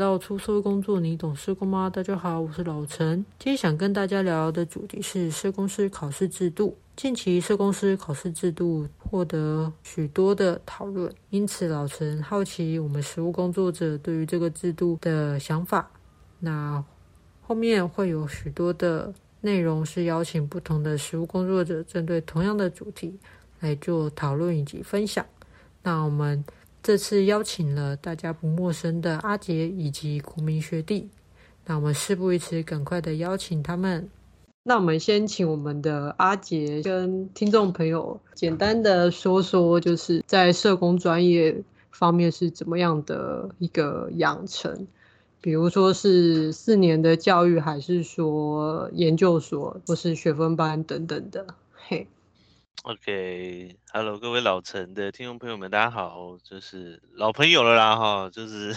到出社工作，你懂社工嗎？大家好，我是老陳。今天想跟大家聊聊的主題是社工師考試制度。近期社工師考試制度獲得許多的討論，因此老陳好奇我們實務工作者對於這個制度的想法。那後面會有許多的內容是邀請不同的實務工作者針對同樣的主題來做討論以及分享。那我們。這次邀請了大家不陌生的阿杰以及國民學弟，那我們事不宜遲，趕快的邀請他們。那我們先請我們的阿杰跟聽眾朋友簡單的說說，就是在社工專業方面是怎麼樣的一個養成，比如說是四年的教育，還是說研究所或是學分班等等的，嘿。OK，Hello，okay，各位老陳的聽眾朋友們，大家好，就是老朋友了啦哈、哦，就是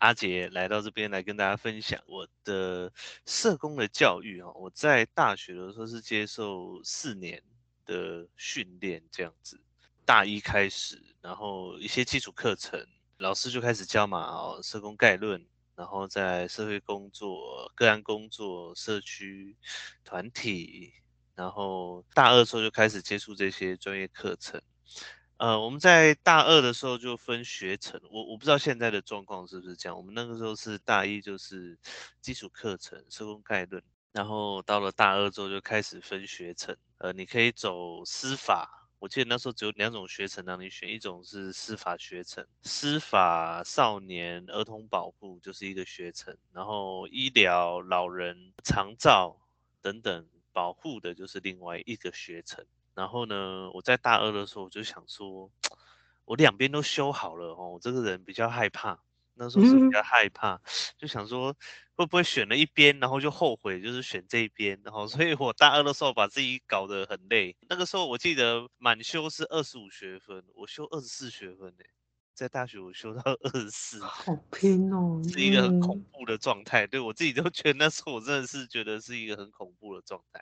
阿捷來到這邊來跟大家分享我的社工的教育哈、哦，我在大學的時候是接受四年的訓練這樣子，大一開始，然後一些基礎課程，老師就開始教嘛、哦，社工概論，然後在社會工作、個案工作、社區、團體。然後大二時候就開始接觸這些專業課程，呃，我們在大二的時候就分學程，我我不知道現在的狀況是不是這樣。我們那個時候是大一就是基礎課程，社工概論，然後到了大二之後就開始分學程，呃，你可以走司法，我記得那時候只有兩種學程讓、啊、你選，一種是司法學程，司法少年兒童保護就是一個學程，然後醫療老人長照等等。保護的就是另外一個學程，然後呢，我在大二的時候，我就想說，我兩邊都修好了哦。我這個人比較害怕，那時候是比較害怕，就想說會不會選了一邊，然後就後悔，就是選這一邊，然後所以我大二的時候把自己搞得很累。那個時候我記得滿修是二十五學分，我修二十四學分誒、欸。在大學我修到二十四，好拼哦，嗯、是一個很恐怖的狀態。對，我自己都覺得那時候我真的是覺得是一個很恐怖的狀態，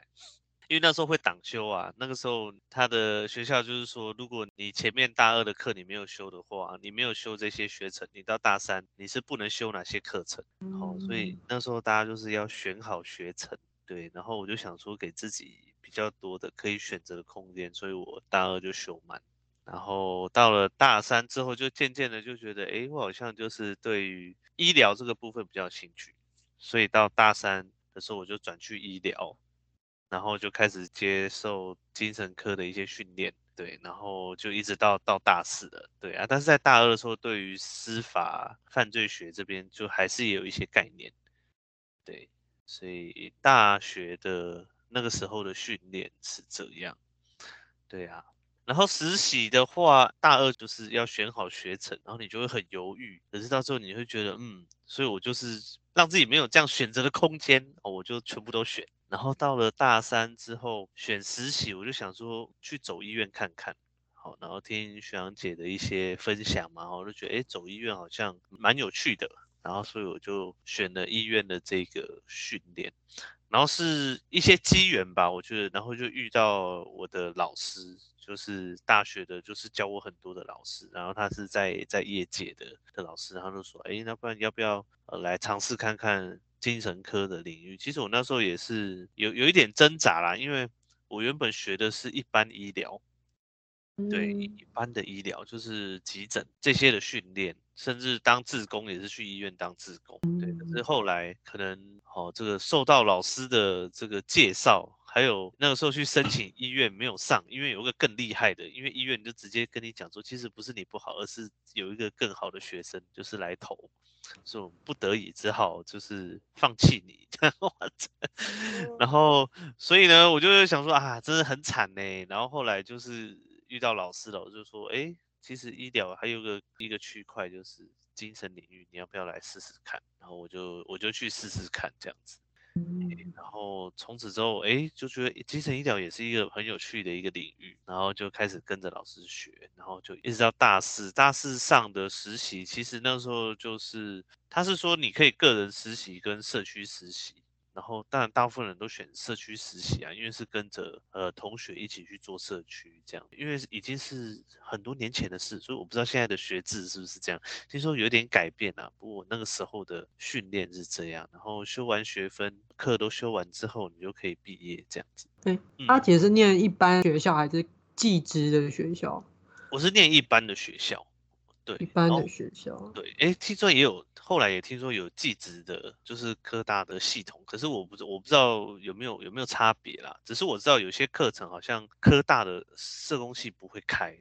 因為那時候會擋修啊。那個時候他的學校就是說，如果你前面大二的課你沒有修的話，你沒有修這些學程，你到大三你是不能修哪些課程。好、嗯哦，所以那時候大家就是要選好學程，對。然後我就想說給自己比較多的可以選擇的空間，所以我大二就修滿。然後到了大三之後，就漸漸的就覺得，哎，我好像就是對於醫療這個部分比較有興趣，所以到大三的時候我就轉去醫療，然後就開始接受精神科的一些訓練，對，然後就一直到到大四了，對啊，但是在大二的時候，對於司法犯罪學這邊就還是有一些概念，對，所以大學的那個時候的訓練是這樣，對啊。然後實習的話，大二就是要選好學程，然後你就會很猶豫。可是到時候你會覺得，嗯，所以我就是讓自己沒有這樣選擇的空間，我就全部都選。然後到了大三之後選實習，我就想說去走醫院看看，好，然後聽學長姐的一些分享嘛，我就覺得哎，走醫院好像蠻有趣的，然後所以我就選了醫院的這個訓練。然後是一些機緣吧，我覺得，然後就遇到我的老師，就是大學的，就是教我很多的老師。然後他是在在業界的的老師，他就說：“哎，那不然要不要、呃、來嘗試看看精神科的領域？”其實我那時候也是有有一點掙扎啦，因為我原本學的是一般醫療，對、嗯、一般的醫療，就是急診這些的訓練，甚至當志工也是去醫院當志工。對，可是、嗯、後來可能。哦，這個受到老師的這個介紹，還有那個時候去申請醫院沒有上，因為有一個更厲害的，因為醫院就直接跟你講說，其實不是你不好，而是有一個更好的學生就是來投，所以我不得已只好就是放棄你。 然後，所以呢，我就，就想說啊，真的很慘呢。然後後來就是遇到老師了，我就說，哎，其實醫療還有一個一個區塊就是。精神領域，你要不要來試試看？然後我就我就去試試看這樣子，嗯欸、然後從此之後，哎、欸，就覺得精神醫療也是一個很有趣的一個領域，然後就開始跟着老師學，然後就一直到大四，大四上的實習，其實那時候就是他是說你可以個人實習跟社區實習。然後，當然，大部分人都選社區實習啊，因為是跟着呃同學一起去做社區這樣。因為已經是很多年前的事，所以我不知道現在的學制是不是這樣。聽說有點改變啊，不過我那個時候的訓練是這樣。然後修完學分課都修完之後，你就可以畢業這樣子。對，阿、嗯、捷是念一般學校還是技職的學校？我是念一般的學校。對一般的學校，對，哎，聽說也有，後來也聽說有技職的，就是科大的系統，可是我不知，我不知道有沒有有沒有差別啦，只是我知道有些課程好像科大的社工系不會開，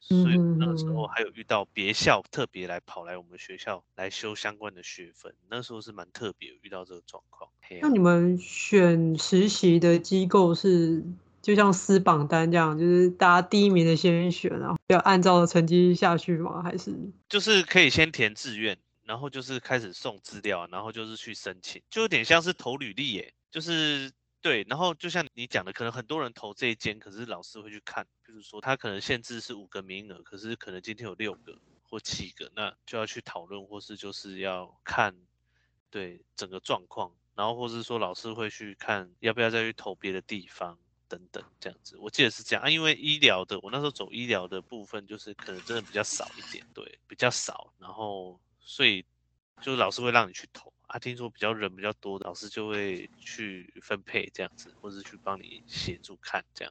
所以那個時候還有遇到別校特別來跑來我們學校來修相關的學分，那時候是蠻特別遇到這個狀況。啊、那你們選實習的機構是？就像撕榜單這樣，就是大家第一名的先選，然後要按照成績下去嗎？還是就是可以先填志願，然後就是開始送資料，然後就是去申請，就有點像是投履歷耶、欸。就是對，然後就像你講的，可能很多人投這一間，可是老師會去看，比如說他可能限制是五個名額，可是可能今天有六個或七個，那就要去討論，或是就是要看對整個狀況，然後或是說老師會去看要不要再去投別的地方。等等，這樣子，我記得是這樣啊。因為醫療的，我那時候走醫療的部分，就是可能真的比較少一點，對，比較少。然後，所以就是老師會讓你去投啊。聽說比較人比較多的老師就會去分配這樣子，或者去幫你協助看這樣。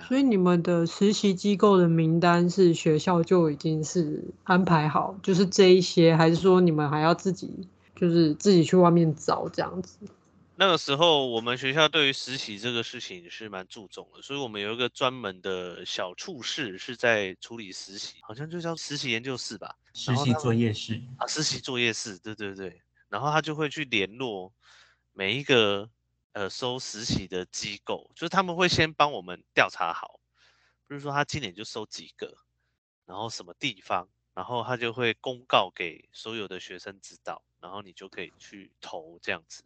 啊，所以你們的實習機構的名單是學校就已經是安排好，就是這一些，還是說你們還要自己就是自己去外面找這樣子？那個時候，我們學校對於實習這個事情是蠻注重的，所以我們有一個專門的小處室是在處理實習，好像就叫實習研究室吧，實習作業室啊，實習作業室，對對對，然後他就會去聯絡每一個呃收實習的機構，就是他們會先幫我們調查好，比如說他今年就收幾個，然後什麼地方，然後他就會公告給所有的學生知道，然後你就可以去投這樣子。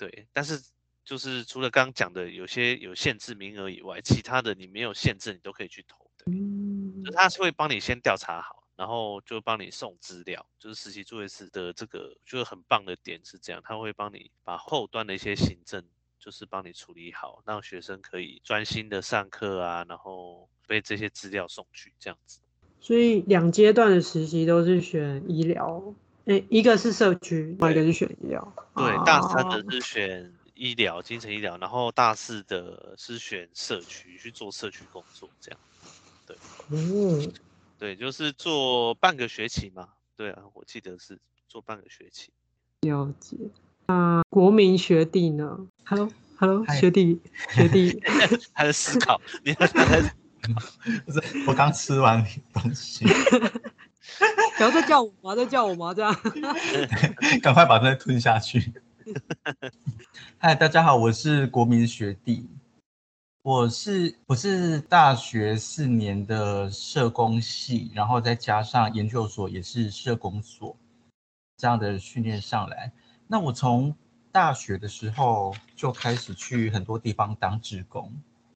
對，但是就是除了剛剛講的有些有限制名額以外，其他的你沒有限制，你都可以去投的。嗯，就他是會幫你先調查好，然後就幫你送資料。就是實習作業室的這個，就是很棒的點是這樣，他會幫你把後端的一些行政，就是幫你處理好，讓學生可以專心的上課啊，然後被這些資料送去這樣子。所以兩階段的實習都是選醫療。欸、一個是社區，對另一個是選醫療。對，啊、大三的是選醫療、精神醫療，然後大四的是選社區去做社區工作，這樣。對。嗯。對，就是做半個學期嘛。對啊，我記得是做半個學期。了解。啊，國民學弟呢？Hello，Hello，Hello? Hi 學弟，學弟，還在思考。你還在思考。不是，我剛吃完東西。 然 要再叫我嘛，再叫我嘛，這樣趕 快把它吞下去。嗨，大家好，我是國民學弟，我是我是大學四年的社工系，然後再加上研究所也是社工所這樣的訓練上來。那我從大學的時候就開始去很多地方當志工，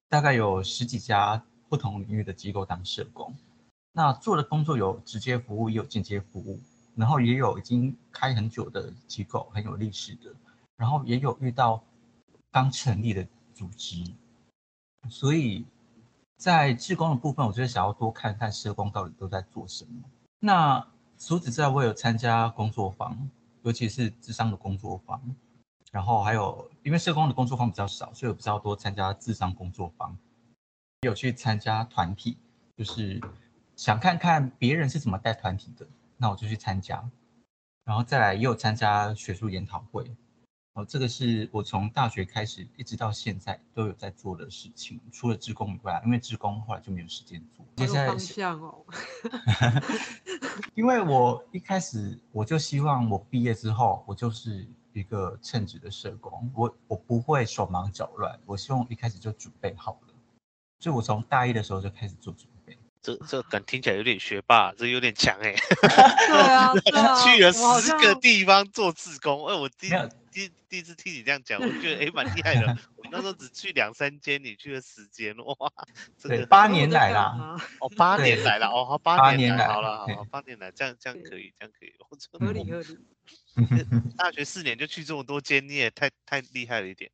大概有十幾家不同領域的機構當社工。那做的工作有直接服務，也有間接服務，然後也有已經開很久的機構，很有歷史的，然後也有遇到剛成立的組織，所以在社工的部分，我覺得想要多看看社工到底都在做什麼。那除此之外，我有參加工作坊，尤其是諮商的工作坊，然後還有因為社工的工作坊比較少，所以我比較多參加諮商工作坊，也有去參加團體，就是。想看看別人是怎麼帶團體的，那我就去參加，然後再來又參加學術研討會。哦，這個是我從大學開始一直到現在都有在做的事情，除了志工以外，因為志工後來就沒有時間做。沒有方向哦。 因為我一開始我就希望我畢業之後我就是一個稱職的社工，我我不會手忙腳亂，我希望一開始就準備好了，所以我從大一的時候就開始做準備。這這感聽起來有點學霸，這有點強哎。對啊，去了十個地方做志工，哎，我第第第一次聽你這樣講，我覺得哎蠻厲害的。我那時候只去兩三間，你去了十間，哇，真的八年來了哦八年來了哦八年來，好了好了，八年來這樣這樣可以，這樣可以，合理合理。大學四年就去這麼多間，你也太太厲害了一點。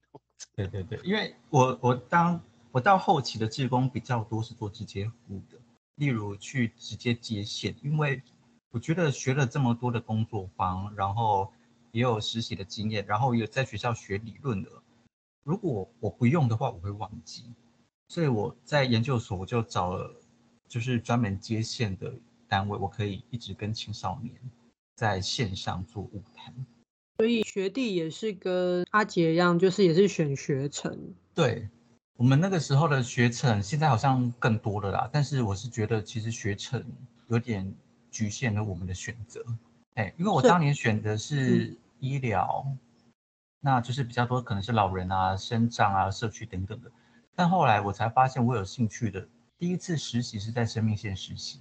對對對，因為我我當我到後期的志工比較多是做直接服務的。例如去直接接線，因為我覺得學了這麼多的工作坊，然後也有實習的經驗，然後有在學校學理論的，如果我不用的話，我會忘記。所以我在研究所我就找了，就是專門接線的單位，我可以一直跟青少年在線上做晤談。所以學弟也是跟阿捷一樣，就是也是選學程。對。我們那個時候的學程現在好像更多了啦，但是我是覺得其實學程有點局限了我們的選擇，哎，因為我當年選的是醫療，嗯、那就是比較多可能是老人啊、生長啊、社區等等的，但後來我才發現我有興趣的第一次實習是在生命線實習，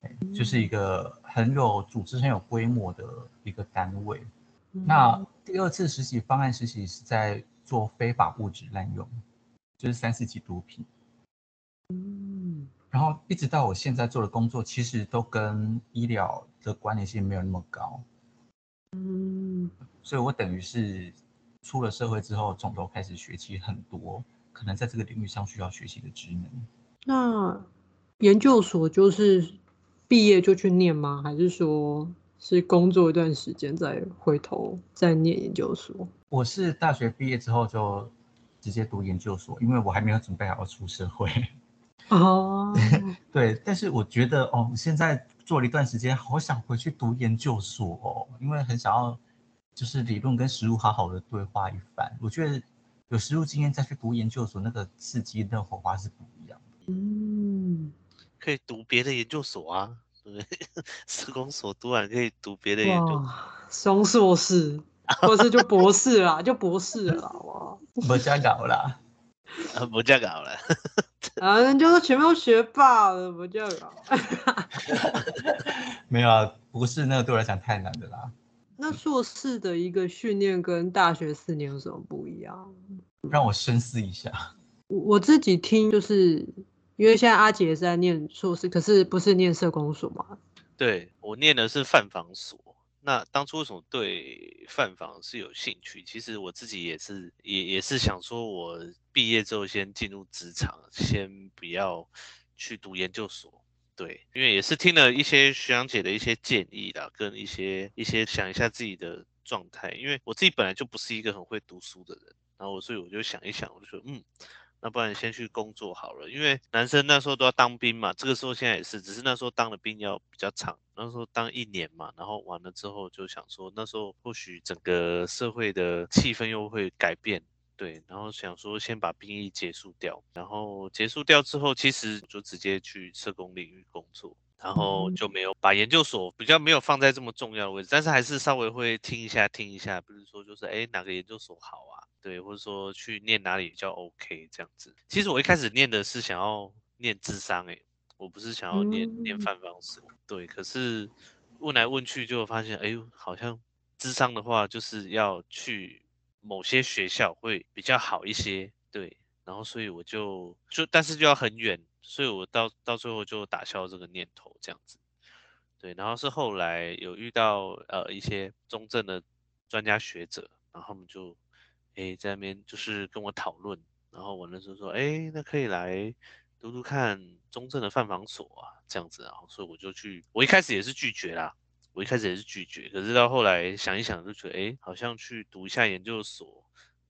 哎、就是一個很有組織、很有規模的一個單位，嗯、那第二次實習方案實習是在做非法物質濫用。就是三四級毒品，嗯，然後一直到我現在做的工作，其實都跟醫療的關聯性沒有那麼高，嗯，所以我等於是出了社會之後，從頭開始學習很多可能在這個領域上需要學習的職能。那研究所就是畢業就去念嗎？還是說是工作一段時間再回頭再念研究所？我是大學畢業之後就。直接讀研究所，因為我還沒有準備好，好出社會。哦，oh. 對，但是我覺得，哦，現在做了一段時間，好想回去讀研究所，哦，因為很想要就是理論跟實務好好的對話一番。我覺得有實務經驗再去讀研究所，那個刺激，的，那個，火花是不一樣。嗯，可以讀別的研究所啊，對，社工所讀完可以讀別的研究所，雙碩士。博士 就博士了啦，就博士啦，我不叫搞啦，不叫搞了，啊，人家說全部都學霸了，不叫搞，沒有啊，不是那個對我來講太難的啦。那碩士的一個訓練跟大學四年有什麼不一樣？ 讓我深思一下。 我我自己聽，就是因為現在阿捷是在念碩士，可是不是念社工所嘛。對，我念的是犯防所。那當初為什麼對犯防是有興趣？其實我自己也是，也也是想說，我畢業之後先進入職場，先不要去讀研究所。對，因為也是聽了一些學長姐的一些建議啦，跟一些一些想一下自己的狀態。因為我自己本來就不是一個很會讀書的人，然後我所以我就想一想，我就說，嗯。那不然先去工作好了，因為男生那時候都要當兵嘛，這個時候現在也是，只是那時候當的兵要比較長，那時候當一年嘛，然後完了之後就想說，那時候或許整個社會的氣氛又會改變，對，然後想說先把兵役結束掉，然後結束掉之後，其實就直接去社工領域工作。然後就沒有把研究所比較沒有放在這麼重要的位置，但是還是稍微會聽一下聽一下，不是說就是哎哪個研究所好啊，對，或者說去念哪裡比較 OK 這樣子。其實我一開始念的是想要念諮商哎，我不是想要念、嗯、念範方式對。可是問來問去就發現哎，好像諮商的話就是要去某些學校會比較好一些，對。然後所以我就就但是就要很遠。所以，我到到最後就打消這個念頭，這樣子，對。然後是後來有遇到呃一些中正的專家學者，然後他們就哎、欸、在那邊就是跟我討論，然後我那時候說，哎、欸，那可以來讀讀看中正的犯防所啊，這樣子。然後，所以我就去，我一開始也是拒絕啦，我一開始也是拒絕。可是到後來想一想，就覺得哎、欸，好像去讀一下研究所。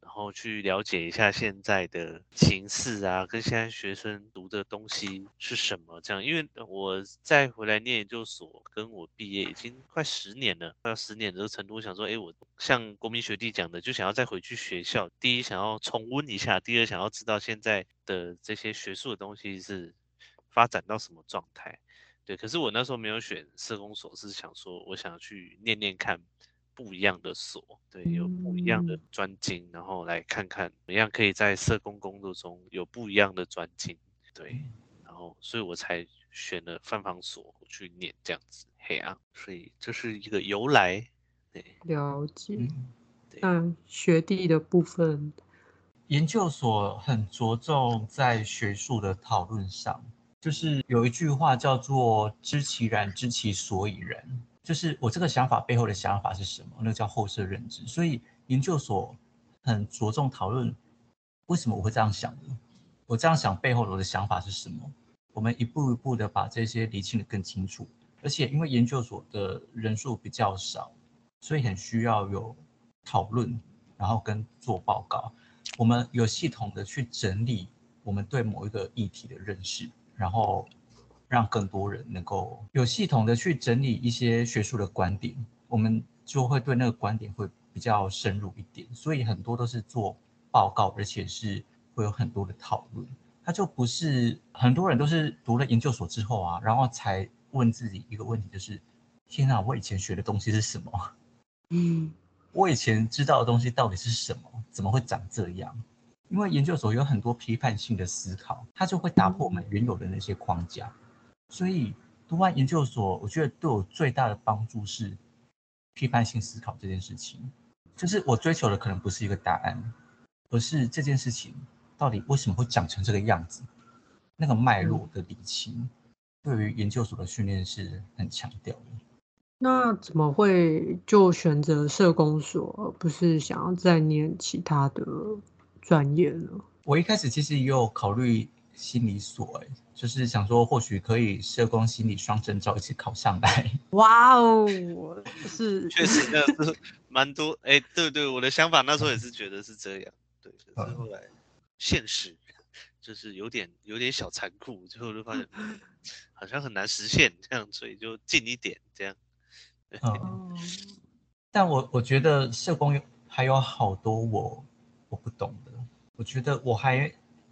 然後去了解一下現在的形勢啊，跟現在學生讀的東西是什麼？這樣，因為我再回來念研究所，跟我畢業已經快十年了，快要十年的時候，成都想說，哎，我像國民學弟講的，就想要再回去學校，第一想要重溫一下，第二想要知道現在的這些學術的東西是發展到什麼狀態。對，可是我那時候沒有選社工所，是想說，我想去念念看。不一樣的所，對，有不一樣的專精，嗯、然後來看看怎麼樣可以在社工工作中有不一樣的專精，對，然後所以我才選了犯防所去念這樣子，黑暗，所以這是一個由來，對，了解，嗯、對，那學弟的部分，研究所很着重在學術的討論上，就是有一句話叫做“知其然，知其所以然”。就是我這個想法背後的想法是什麼？那個叫後設認知。所以研究所很着重討論為什麼我會這樣想的，我這樣想背後的我的想法是什麼？我們一步一步的把這些理清的更清楚。而且因為研究所的人數比較少，所以很需要有討論，然後跟做報告。我們有系統的去整理我們對某一個議題的認識，然後。讓更多人能夠有系統的去整理一些學術的觀點，我們就會對那個觀點會比較深入一點。所以很多都是做報告，而且是會有很多的討論。他就不是很多人都是讀了研究所之後啊，然後才問自己一個問題，就是天哪，我以前學的東西是什麼？嗯，我以前知道的東西到底是什麼？怎麼會長這樣？因為研究所有很多批判性的思考，它就會打破我們原有的那些框架。所以，讀完研究所，我覺得對我最大的幫助是批判性思考這件事情。就是我追求的可能不是一個答案，而是這件事情到底為什麼會長成這個樣子，那個脈絡的理清，嗯，對於研究所的訓練是很強調的。那怎麼會就選擇社工所，而不是想要再念其他的專業呢？我一開始其實也有考慮。心理所、欸，就是想說或許可以社工心理雙證照一起考上來。哇哦，是，確實，那是蠻多哎，對，對對，我的想法那時候也是覺得是這樣，嗯、對，但、就是後來現實就是有點有點小殘酷，最後就發現好像很難實現這樣，所以就近一點這樣。對嗯、但我我覺得社工有還有好多我我不懂的，我覺得我還。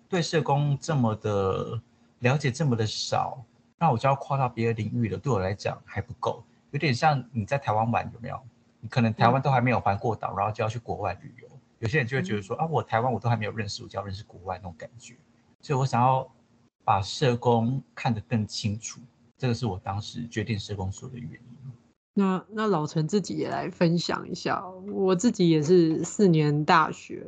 對社工這麼的了解這麼的少，那我就要跨到別的領域了。對我來講還不夠，有點像你在台灣玩有沒有？你可能台灣都還沒有環過島，嗯、然後就要去國外旅遊。有些人就會覺得說、嗯、啊，我台灣我都還沒有認識，我就要認識國外那種感覺。所以我想要把社工看得更清楚，這個是我當時決定社工所的原因。那那老陳自己也來分享一下，我自己也是四年大學。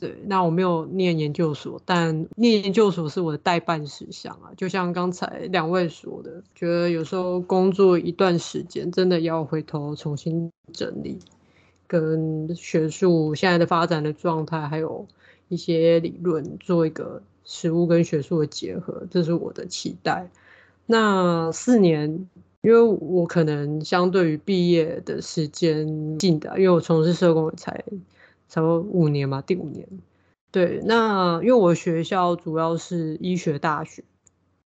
對，那我沒有念研究所，但念研究所是我的待辦事項啊。就像剛才兩位說的，覺得有時候工作一段時間，真的要回頭重新整理，跟學術現在的發展的狀態，還有一些理論做一個實務跟學術的結合，這是我的期待。那四年，因為我可能相對於畢業的時間近的，因為我從事社工才。差不多五年嘛，第五年。對，那因為我學校主要是醫學大學，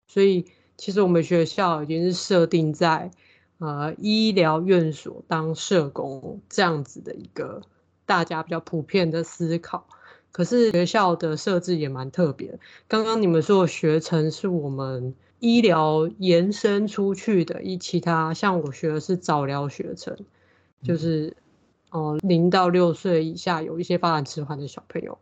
所以其實我們學校已經是設定在，呃，醫療院所當社工這樣子的一個大家比較普遍的思考。可是學校的設置也蠻特別，剛剛你們說的學程是我們醫療延伸出去的。一其他像我學的是早療學程，就是。哦，零、呃、到六歲以下有一些發展遲緩的小朋友，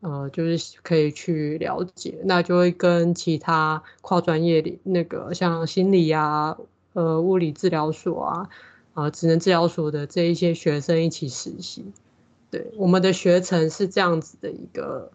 呃，就是可以去了解，那就會跟其他跨專業裡那個像心理啊、呃，物理治療所啊、啊、呃，職能治療所的這一些學生一起實習。對，我們的學程是這樣子的一個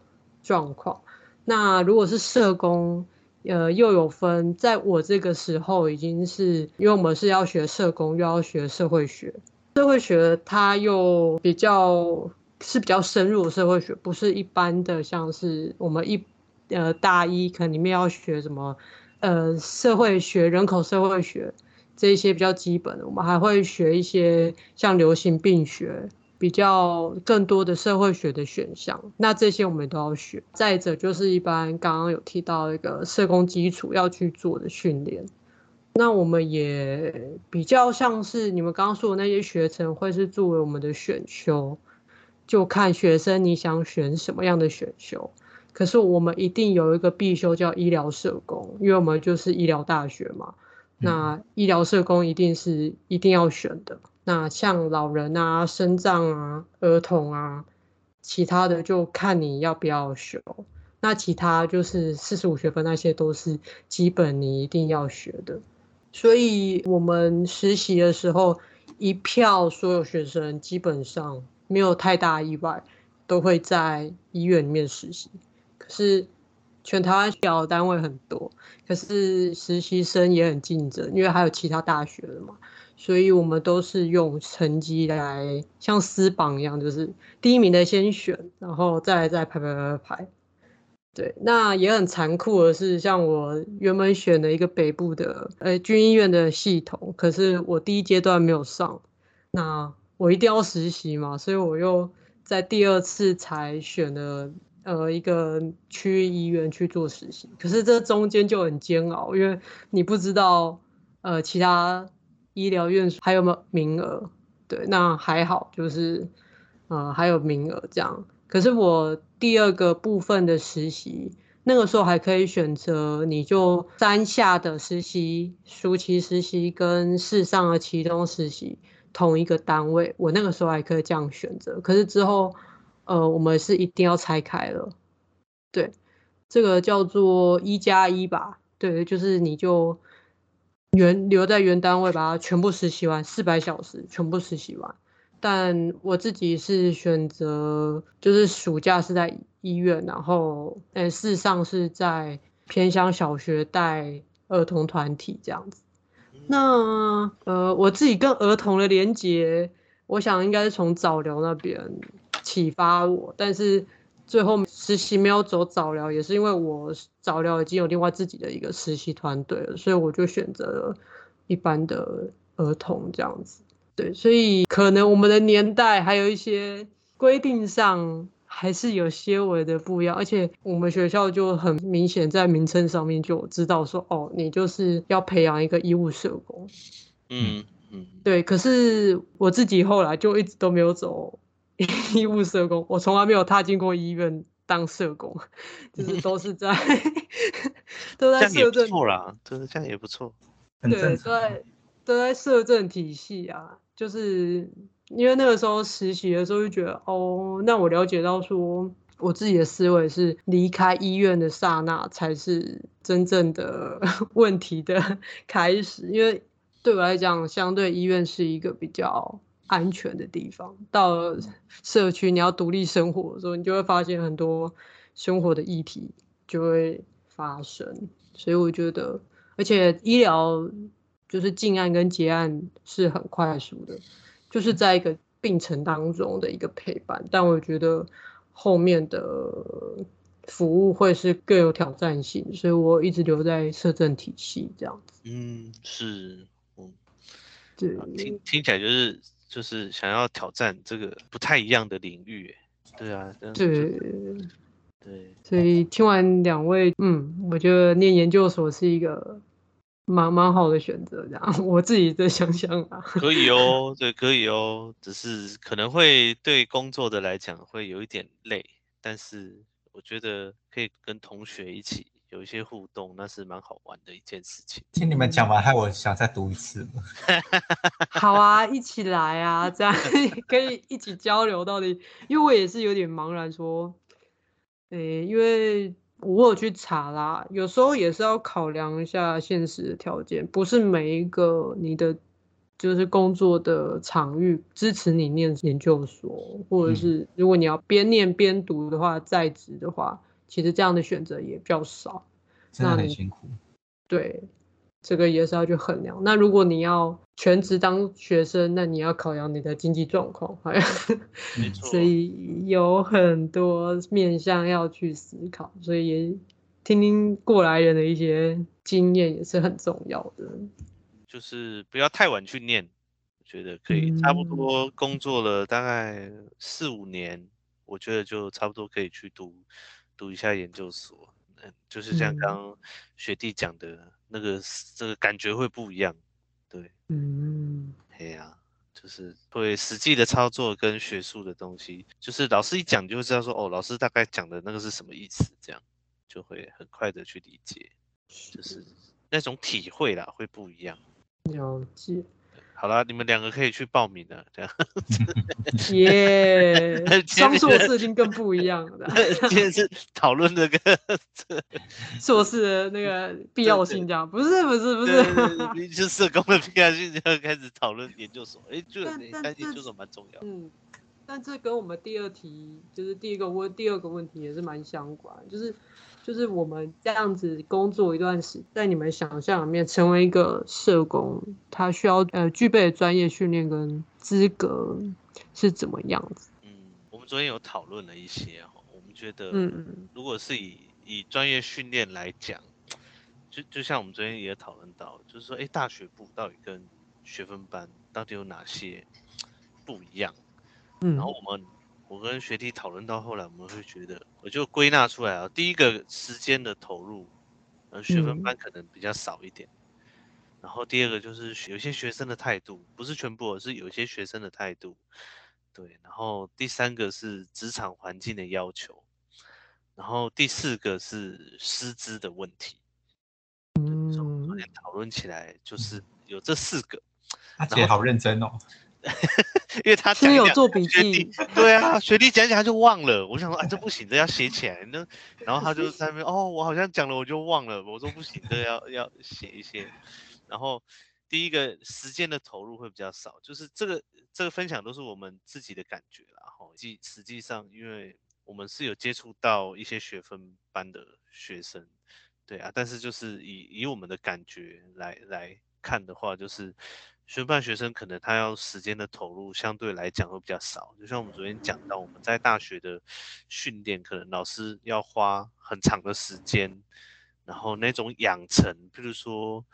狀況。那如果是社工，呃，又有分，在我這個時候已經是因為我們是要學社工，又要學社會學。社會學它又比較是比較深入的社會學，不是一般的像是我們一、呃、大一可能裡面要學什麼，呃、社會學、人口社會學這些比較基本的，我們還會學一些像流行病學比較更多的社會學的選項。那這些我們都要學。再者就是一般剛剛有提到一個社工基礎要去做的訓練。那我們也比較像是你們剛剛說的那些學程，會是作為我們的選修，就看學生你想選什麼樣的選修。可是我們一定有一個必修叫醫療社工，因為我們就是醫療大學嘛。那醫療社工一定是一定要選的。那像老人啊、身障啊、兒童啊，其他的就看你要不要修。那其他就是四十五學分，那些都是基本你一定要學的。所以我們實習的時候，一票所有學生基本上沒有太大意外，都會在醫院裡面實習。可是全台灣要的單位很多，可是實習生也很競爭，因為還有其他大學的嘛。所以我們都是用成績來，像撕榜一樣，就是第一名的先選，然後再來再排排排排。對，那也很殘酷的是，像我原本選了一個北部的，呃，軍醫院的系統，可是我第一階段沒有上，那我一定要實習嘛，所以我又在第二次才選了，呃，一個區域醫院去做實習。可是這中間就很煎熬，因為你不知道，呃，其他醫療院還有沒有名額。對，那還好，就是，呃，還有名額這樣。可是我第二個部分的實習，那個時候還可以選擇，你就三下的實習、暑期實習跟四上的期中實習同一個單位，我那個時候還可以這樣選擇。可是之後，呃，我們是一定要拆開了，對，這個叫做一加一吧，對，就是你就原留在原單位把它全部實習完，四百小時全部實習完。但我自己是選擇，就是暑假是在醫院，然後誒、欸，事實上是在偏鄉小學帶兒童團體這樣子。那呃，我自己跟兒童的連接，我想應該是從早療那邊啟發我，但是最後實習沒有走早療，也是因為我早療已經有另外自己的一個實習團隊了，所以我就選擇了一般的兒童這樣子。對，所以可能我們的年代還有一些規定上還是有些微的不一樣，而且我們學校就很明顯在名稱上面就知道說，哦，你就是要培養一個醫務社工。嗯嗯，嗯對。可是我自己後來就一直都沒有走醫務社工，我從來沒有踏進過醫院當社工，就是都是在，都在這樣也不錯啦，就是這樣也不錯，很正常。都在社政體系啊，就是因為那個時候實習的時候就覺得，哦，那我了解到說，我自己的思維是離開醫院的剎那才是真正的問題的開始，因為對我來講，相對醫院是一個比較安全的地方。到了社區你要獨立生活的時候，你就會發現很多生活的議題就會發生。所以我覺得，而且醫療。就是進案跟結案是很快速的，就是在一個病程當中的一個陪伴，但我覺得後面的服務會是更有挑戰性，所以我一直留在社政體系這樣子。嗯，是，嗯，對，啊、聽聽起來就是就是想要挑戰這個不太一樣的領域，對啊，對，對，所以聽完兩位，嗯，我覺得念研究所是一個。蠻蠻好的選擇，這樣，我自己再想想吧。可以哦，對，可以哦，只是可能會對工作的來講會有一點累，但是我覺得可以跟同學一起有一些互動，那是蠻好玩的一件事情。聽你們講完，害我想再讀一次 好啊，一起來啊，這樣可以一起交流到底，因為我也是有點茫然，說，誒、欸，因為。我有去查啦，有時候也是要考量一下現實的條件，不是每一個你的就是工作的場域支持你念研究所，或者是如果你要邊念邊讀的話，嗯，在職的話，其實這樣的選擇也比較少。真的很辛苦。對。這個也是要去衡量。那如果你要全職當學生，那你要考量你的經濟狀況。沒錯， 所以有很多面向要去思考。所以也聽聽過來人的一些經驗也是很重要的。就是不要太晚去念，我覺得可以差不多工作了大概四五年，嗯、我覺得就差不多可以去讀讀一下研究所。嗯，就是像剛剛學弟講的。嗯那個這個感覺會不一樣，對，嗯，嗯，對啊，就是會實際的操作跟學術的東西，就是老師一講就會知道說，哦，老師大概講的那個是什麼意思，這樣就會很快的去理解，就是那種體會啦，會不一樣。了解。好了，你們兩個可以去報名了。這樣，耶 Yeah, 天，雙碩的事情更不一樣了。今天是討論的這碩士的那個必要性這樣，不是不是不是，就社工的必要性，然後開始討論研究所。哎、欸，就是你看，但研究所蠻重要。嗯，但這跟我們第二題就是第一個問第二個問題也是蠻相關，就是。就是我們這樣子工作一段時，在你們想象裡面，成為一個社工，他需要呃具備的專業訓練跟資格是怎麼樣子？嗯，我們昨天有討論了一些哈，我們覺得，嗯，如果是以以專業訓練來講，就就像我們昨天也討論到，就是說，誒，大學部到底跟學分班到底有哪些不一樣？嗯，然後我們。我跟學弟討論到後來，我們會覺得，我就歸納出來啊，第一個時間的投入，呃，學分班可能比較少一點，嗯、然後第二個就是有些學生的態度，不是全部，而是有些學生的態度，對，然後第三個是職場環境的要求，然後第四個是師資的問題，嗯，討論起來就是有這四個，阿捷、嗯後啊、好認真哦。 因為他都有做筆記，對啊，學弟講講他就忘了。我想說啊，哎，這不行，這要寫起來呢。那然後他就在那邊， 哦，我好像講了，我就忘了。我說不行，這要要寫一些。然後第一個時間的投入會比較少，就是這個這個分享都是我們自己的感覺啦。齁，實際上，因為我們是有接觸到一些學分班的學生，對啊，但是就是以以我們的感覺來來看的話，就是。學分班學生可能他要時間的投入相對來講會比較少，就像我們昨天講到，我們在大學的訓練，可能老師要花很長的時間，然後那種養成，比如說，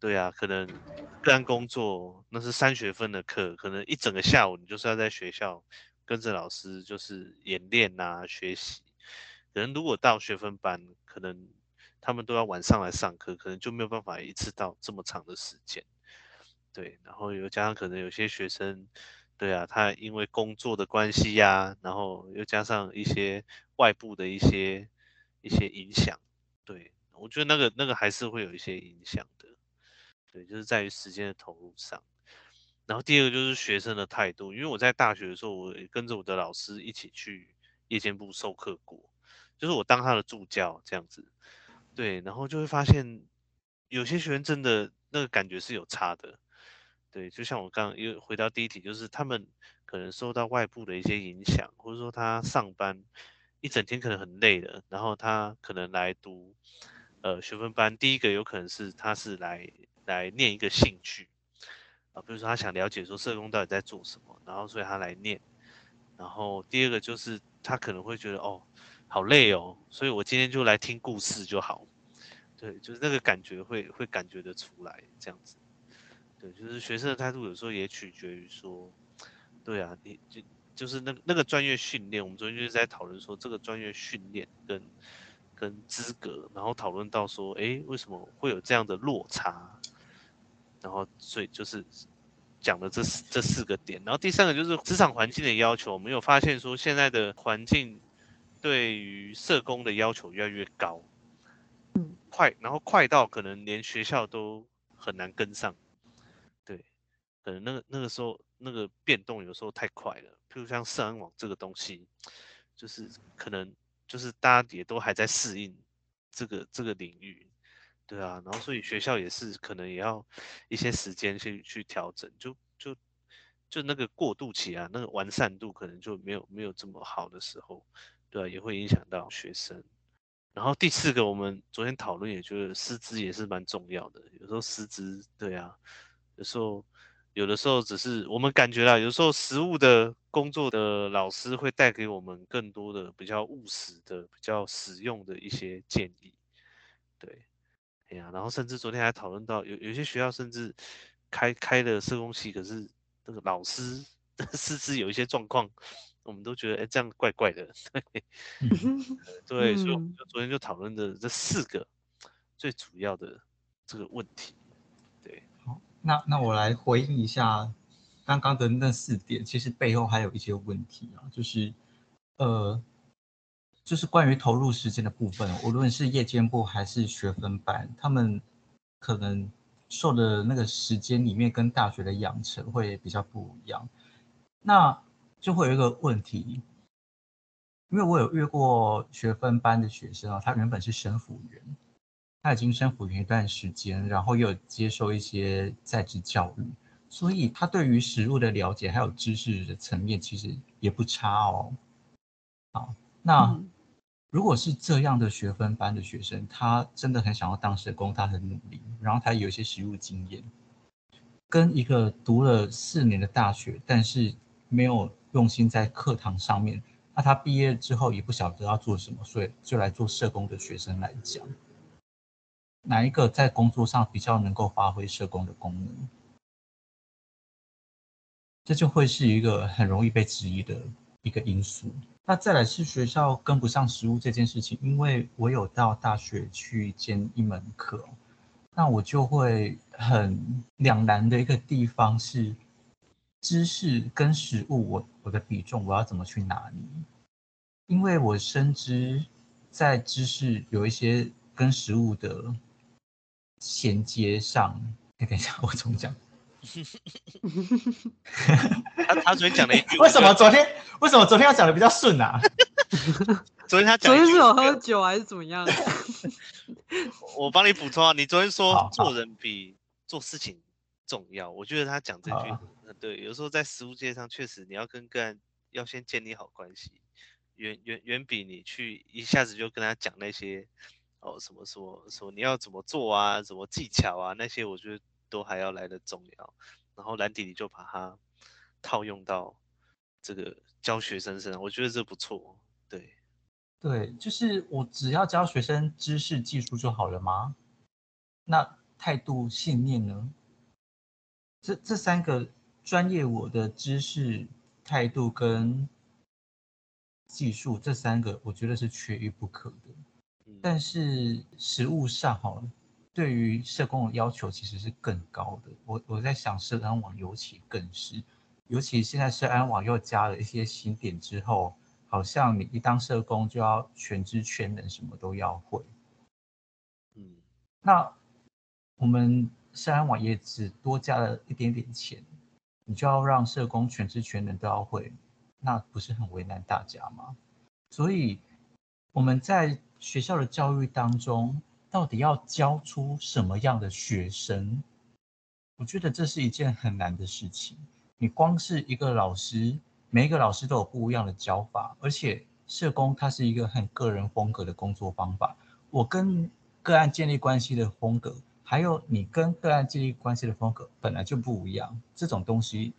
對啊，可能個案工作那是三學分的課，可能一整個下午你就是要在學校跟着老師就是演練啊學習，可能如果到學分班，可能他們都要晚上來上課，可能就沒有辦法一次到這麼長的時間。對，然後又加上可能有些學生，對啊，他因為工作的關係呀、啊，然後又加上一些外部的一些一些影響，對，我覺得那個那個還是會有一些影響的，對，就是在於時間的投入上。然後第二個就是學生的態度，因為我在大學的時候，我也跟着我的老師一起去夜間部授課過，就是我當他的助教這樣子，對，然後就會發現有些學生真的那個感覺是有差的。對，就像我剛剛又回到第一題，就是他們可能受到外部的一些影響，或者說他上班一整天可能很累的，然後他可能來讀呃學分班。第一個有可能是他是來來念一個興趣啊，比如說他想了解說社工到底在做什麼，然後所以他來念。然後第二個就是他可能會覺得哦好累哦，所以我今天就來聽故事就好。對，就是那個感覺會會感覺得出來這樣子。對，就是學生的態度有時候也取決於說，對啊，你就就是那個、那個專業訓練。我們昨天就是在討論說，這個專業訓練跟跟資格，然後討論到說，哎，為什麼會有這樣的落差？然後所以就是講了這這四個點。然後第三個就是職場環境的要求，我們有發現說，現在的環境對於社工的要求越來越高，快、嗯，然後快到可能連學校都很難跟上。可能那個那個時候那個變動有時候太快了，譬如像社安網這個東西，就是可能就是大家也都還在適應這個這個領域，對啊，然後所以學校也是可能也要一些時間去去調整，就就就那個過渡期啊，那個完善度可能就沒有沒有這麼好的時候，對啊，也會影響到學生。然後第四個，我們昨天討論也覺得師資也是蠻重要的，有時候師資對啊，有時候。有的時候只是我們感覺到，有時候實務的工作的老師會帶給我們更多的比較務實的、比較實用的一些建議。對，哎呀，然後甚至昨天還討論到，有有些學校甚至開開的社工系，可是那個老師師資有一些狀況，我們都覺得哎這樣怪怪的。對， 呃、對，所以我們就昨天就討論的這四個最主要的這個問題。那那我來回應一下，剛剛的那四點，其實背後還有一些問題啊，就是，呃，就是關於投入時間的部分，無論是夜間部還是學分班，他們可能受的那個時間裡面跟大學的養成會比較不一樣，那就會有一個問題，因為我有遇過學分班的學生啊，他原本是省府人。他已經生活了一段時間，然後又接受一些在職教育，所以他對於實務的了解還有知識的層面其實也不差哦。好，那如果是這樣的學分班的學生，他真的很想要當社工，他很努力，然後他有一些實務經驗，跟一個讀了四年的大學，但是沒有用心在課堂上面，那他畢業之後也不曉得要做什麼，所以就來做社工的學生來講。哪一個在工作上比較能夠發揮社工的功能？這就會是一個很容易被質疑的一個因素。那再來是學校跟不上實務這件事情，因為我有到大學去兼一門課，那我就會很兩難的一個地方是，知識跟實務，我我的比重我要怎麼去拿捏？因為我深知在知識有一些跟實務的銜接上，等一下，我重講。 他他昨天講了一句為，為什麼昨天為什麼昨天要講得比較順啊？昨天他昨天是我喝酒還是怎麼樣？ 我幫你補充啊，你昨天說做人比做事情重要，我覺得他講這句對，啊、有時候在實務界上確實你要跟個案，要先建立好關係，遠遠遠比你去一下子就跟他講那些。哦，什麼什麼說你要怎麼做啊？什麼技巧啊？那些我覺得都還要來得重要。然後蘭迪你就把它套用到這個教學生身上，我覺得這不錯。對，對，就是我只要教學生知識、技術就好了嗎？那態度、信念呢？這這三個專業，我的知識、態度跟技術這三個，我覺得是缺一不可的。但是實務上，哈，對於社工的要求其實是更高的。我我在想，社安網尤其更是，尤其現在社安網又加了一些新點之後，好像你一當社工就要全知全能，什麼都要會。嗯，那我們社安網也只多加了一點點錢，你就要讓社工全知全能都要會，那不是很為難大家嗎？所以我們在。學校的教育當中，到底要教出什麼樣的學生？我覺得這是一件很難的事情。你光是一個老師，每一個老師都有不一樣的教法，而且社工他是一個很個人風格的工作方法。我跟個案建立關係的風格，還有你跟個案建立關係的風格，本來就不一樣。這種東西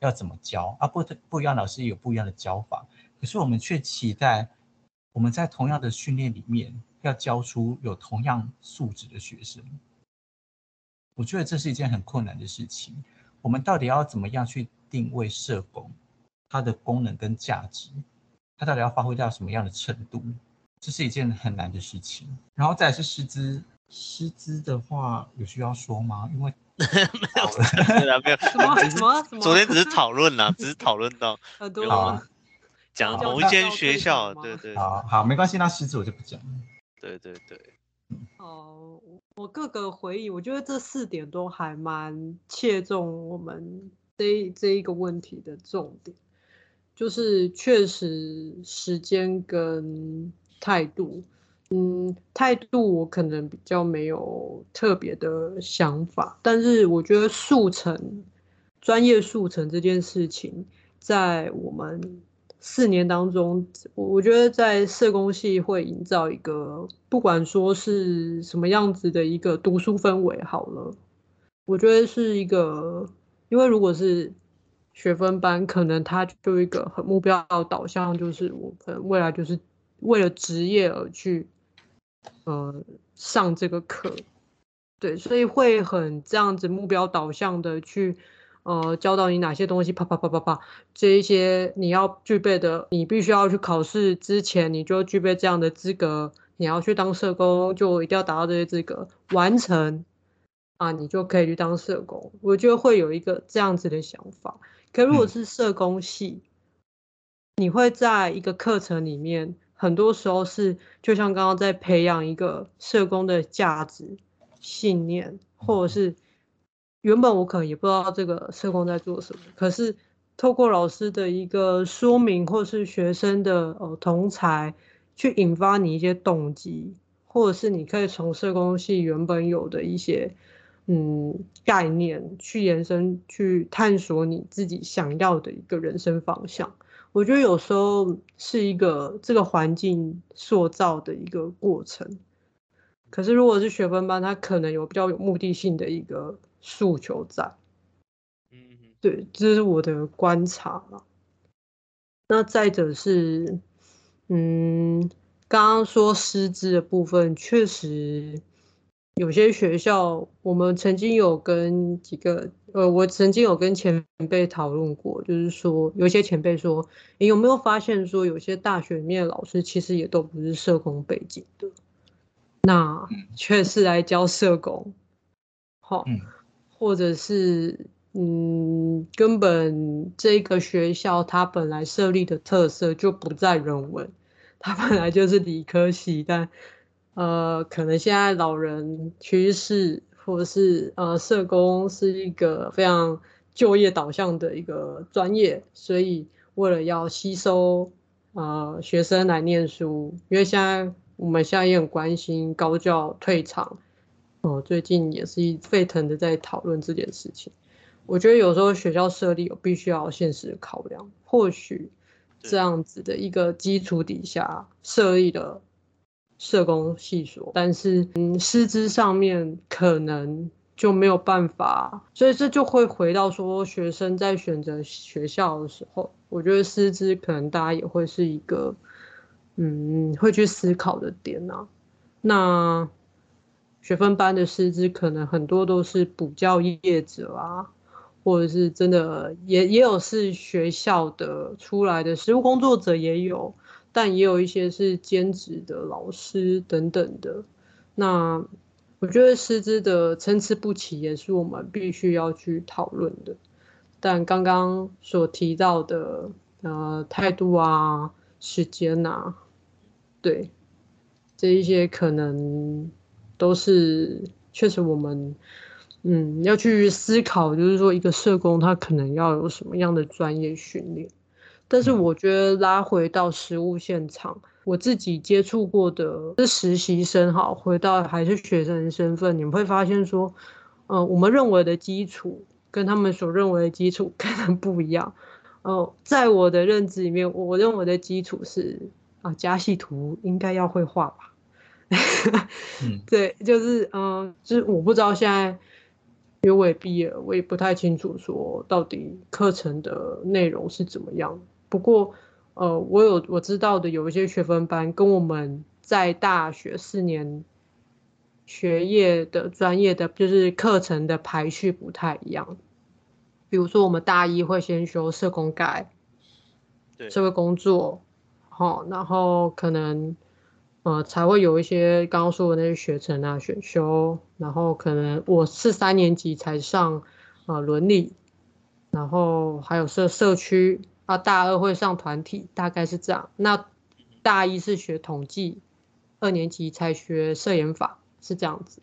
要怎麼教？啊，不，不一樣老師也有不一樣的教法，可是我們卻期待。我們在同樣的訓練裡面，要教出有同樣素質的學生，我覺得這是一件很困難的事情。我們到底要怎麼樣去定位社工，它的功能跟價值，它到底要發揮到什麼樣的程度？這是一件很難的事情。然後再是師資，師資的話有需要說嗎？因為 沒有，沒有，什麼，什麼？昨天只是討論了、啊、 只是討論到，好了、啊。講某一間學校、哦、學校，對對，好好沒關係，那師資我就不講了。對對對，好，我各個回憶，我覺得這四點都還蠻切中我們這一這一個問題的重點，就是確實時間跟態度，嗯，態度我可能比較沒有特別的想法，但是我覺得速成專業速成這件事情，在我們。四年當中，我我覺得在社工系會營造一個不管說是什麼樣子的一個讀書氛圍好了。我覺得是一個，因為如果是學分班，可能他就一個很目標導向，就是我可能未來就是為了職業而去，呃，上這個課，對，所以會很這樣子目標導向的去。呃，教到你哪些東西？啪啪啪啪啪，這一些你要具備的，你必須要去考試之前，你就具備這樣的資格。你要去當社工，就一定要達到這些資格，完成啊，你就可以去當社工。我就會有一個這樣子的想法。可如果是社工系，嗯、你會在一個課程裡面，很多時候是就像剛剛在培養一個社工的價值信念，或者是。原本我可能也不知道這個社工在做什麼，可是透過老師的一個說明，或是學生的呃同儕，去引發你一些動機，或者是你可以從社工系原本有的一些嗯概念去延伸，去探索你自己想要的一個人生方向。我覺得有時候是一個這個環境塑造的一個過程，可是如果是學分班，他可能有比較有目的性的一個。訴求在，嗯，對，這是我的觀察嘛。那再者是，嗯，剛剛說師資的部分，確實有些學校，我們曾經有跟幾個，呃，我曾經有跟前輩討論過，就是說，有些前輩說、欸，有沒有發現說，有些大學裡面老師其實也都不是社工背景的，那卻是來教社工，好、嗯。哦或者是，嗯，根本這個學校它本來設立的特色就不在人文，它本來就是理科系，但呃，可能現在老人趨勢，或者是呃，社工是一個非常就業導向的一個專業，所以為了要吸收呃學生來念書，因為現在我們現在也很關心高教退場。我、哦、最近也是一沸騰的在討論這件事情。我覺得有時候學校設立有必須要現實考量，或許這樣子的一個基礎底下設立的社工系所對但是嗯師資上面可能就沒有辦法，所以這就會回到說學生在選擇學校的時候，我覺得師資可能大家也會是一個嗯會去思考的點啊。那。學分班的師資可能很多都是補教業者啊，或者是真的也也有是學校的出來的實務工作者也有，但也有一些是兼職的老師等等的。那我覺得師資的參差不齊也是我們必須要去討論的。但剛剛所提到的呃態度啊、時間吶、啊，對這一些可能。都是確實，我們嗯要去思考，就是說一個社工他可能要有什麼樣的專業訓練。但是我覺得拉回到實務現場，嗯、我自己接觸過的是實習生好，好回到還是學生身份，你們會發現說，呃，我們認為的基礎跟他們所認為的基礎可能不一樣。哦、呃，在我的認知裡面，我認為的基礎是啊、呃，家系圖應該要會畫吧。 嗯、對，就是嗯，就是我不知道現在，因為我也畢業，我也不太清楚說到底課程的內容是怎麼樣。不過，呃，我有我知道的有一些學分班，跟我們在大學四年學業的專業的就是課程的排序不太一樣。比如說，我們大一會先修社工概，對社會工作，好對、哦，然後可能。呃，才會有一些剛剛說的那些學程啊，選修，然後可能我是三年級才上啊、呃、倫理，然後還有社社區啊大二會上團體，大概是這樣。那大一是學統計，嗯嗯二年級才學社研法，是這樣子。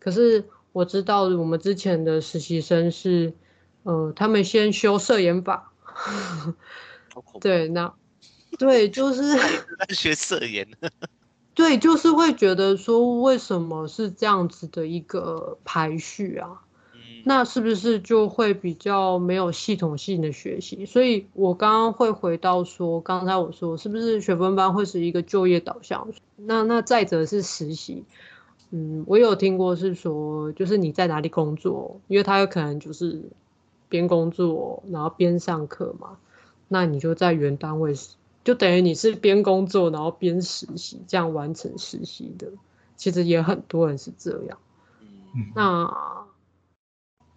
可是我知道我們之前的實習生是，呃，他們先修社研法， 好恐怖。對，那對，就是學社研。 對，就是會覺得說，為什麼是這樣子的一個排序啊？那是不是就會比較沒有系統性的學習？所以我剛剛會回到說，剛才我說是不是學分班會是一個就業導向？那那再者是實習，嗯，我有聽過是說，就是你在哪裡工作，因為他有可能就是邊工作，然後邊上課嘛，那你就在原單位。就等於你是邊工作然後邊實習，這樣完成實習的，其實也很多人是這樣。嗯、那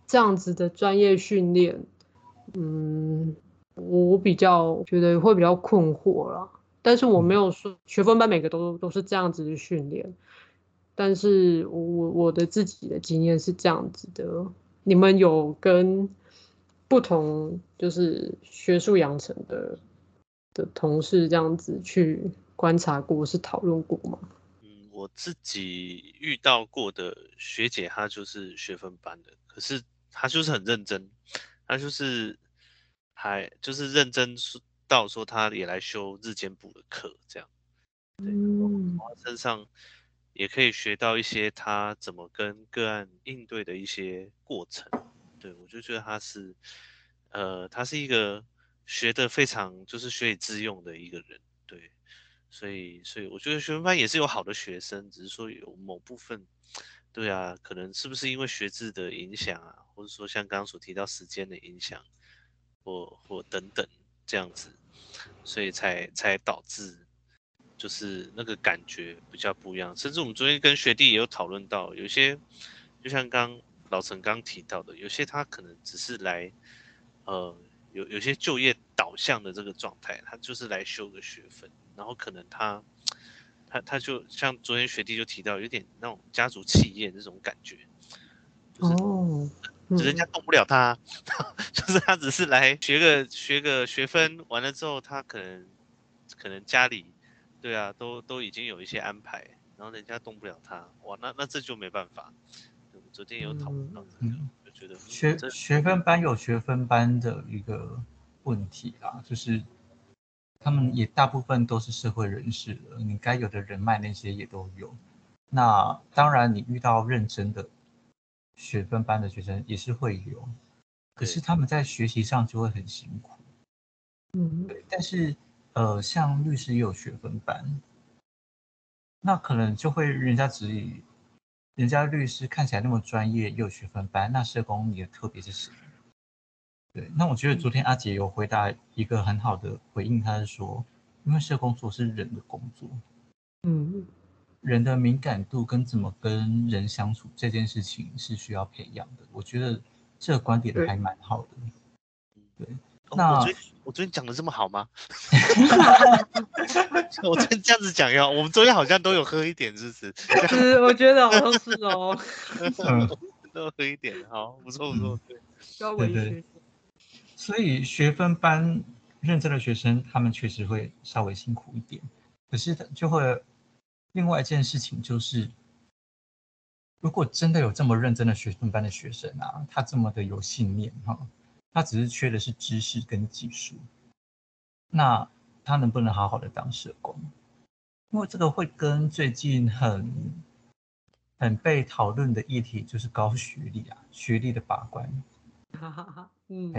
這樣子的專業訓練，嗯，我比較覺得會比較困惑啦。但是我沒有說學分班每個都都是這樣子的訓練，但是我我我的自己的經驗是這樣子的。你們有跟不同就是學術養成的的同事，這樣子去觀察過，是討論過嗎？嗯，我自己遇到過的學姐，她就是學分班的，可是她就是很認真，她就是還就是認真到說她也來修日間部的課這樣。對，然後從她身上也可以學到一些她怎麼跟個案應對的一些過程。對，我就覺得她是，呃，她是一個。學的非常就是學以致用的一個人，對，所以所以我覺得學分班也是有好的學生，只是說有某部分，對啊，可能是不是因為學制的影響啊，或者說像剛剛所提到時間的影響，或或等等這樣子，所以才才導致就是那個感覺比較不一樣。甚至我們昨天跟學弟也有討論到，有些就像剛剛老陳剛提到的，有些他可能只是來，呃。有有些就業導向的這個狀態，他就是來修個學分，然後可能他他他就像昨天學弟就提到，有點那種家族企業這種感覺，就是、哦，人家動不了他，嗯、 就是他只是來學個學個學分，完了之後他可能可能家裡對啊，都都已經有一些安排，然後人家動不了他，哇，那那這就沒辦法。昨天有討論到這個。嗯嗯學學分班有學分班的一個問題啊，就是他們也大部分都是社會人士，你該有的人脈那些也都有。那當然，你遇到認真的學分班的學生也是會有，對可是他們在學習上就會很辛苦。嗯，對。但是呃，像律師也有學分班，那可能就會人家只。人家律師看起來那麼專業又有學分班，本來那社工你也特別是，對。那我覺得昨天阿捷有回答一個很好的回應，他是說，因為社工做是人的工作，嗯，人的敏感度跟怎麼跟人相處這件事情是需要培養的，我覺得這個觀點還蠻好的，對。哦、那我昨我昨天講的這麼好嗎？ 我昨天這樣子講，我們昨天好像都有喝一點，是不是？ 是，我覺得好像是哦。 都喝一點，好，不錯不錯，嗯、對，對。對。所以學分班認真的學生，他們確實會稍微辛苦一點。可是他就會另外一件事情，就是如果真的有這麼認真的學分班的學生啊，他這麼的有信念哈、啊。他只是缺的是知識跟技術，那他能不能好好的當社工？因為這個會跟最近很，很被討論的議題就是高學歷啊，學歷的把關。哈哈哈，嗯，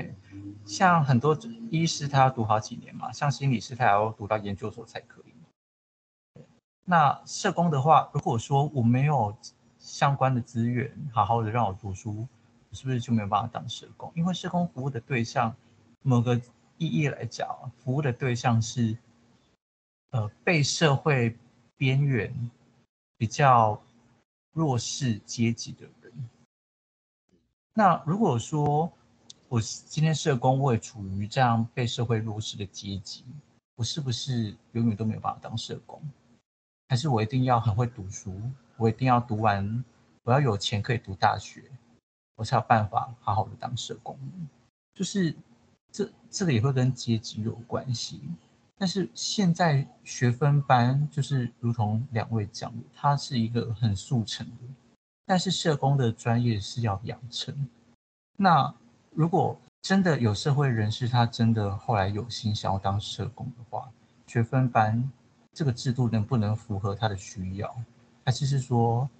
像很多醫師他要讀好幾年嘛，像心理師他還要讀到研究所才可以。那社工的話，如果說我沒有相關的資源，好好的讓我讀書，是不是就沒有辦法當社工？因為社工服務的對象，某個意義來講，服務的對象是呃被社會邊緣，比較弱勢階級的人。那如果說我今天社工，我也處於這樣被社會弱勢的階級，我是不是永遠都沒有辦法當社工？還是我一定要很會讀書，我一定要讀完，我要有錢可以讀大學？我才有辦法好好的當社工，就是這這個也會跟階級有關係。但是現在學分班就是如同兩位講的，它是一個很速成的，但是社工的專業是要養成。那如果真的有社會人士，他真的後來有心想要當社工的話，學分班這個制度能不能符合他的需要？還是是說？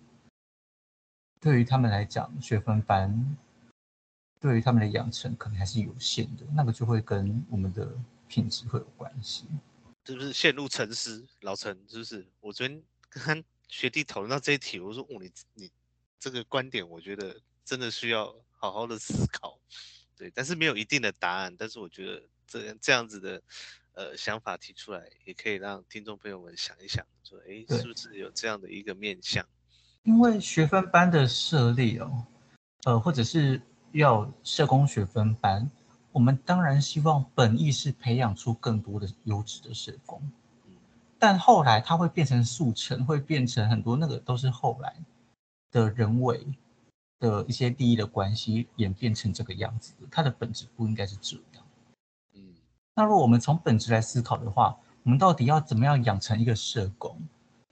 對於他們來講，學分班對於他們的養成可能還是有限的，那個就會跟我們的品質會有關係。是不是陷入沉思？老陳，是不是我昨天跟學弟討論到這一題，我說，哦，你你這個觀點，我覺得真的需要好好的思考。對，但是沒有一定的答案。但是我覺得這樣這樣子的呃想法提出來，也可以讓聽眾朋友們想一想，說，哎，是不是有這樣的一個面向？因為學分班的設立哦，呃，或者是要社工學分班，我們當然希望本意是培養出更多的優質的社工，但後來它會變成速成，會變成很多那個都是後來的人為的一些利益的關係演變成這個樣子的，它的本質不應該是這樣。嗯，那如果我們從本質來思考的話，我們到底要怎麼樣養成一個社工？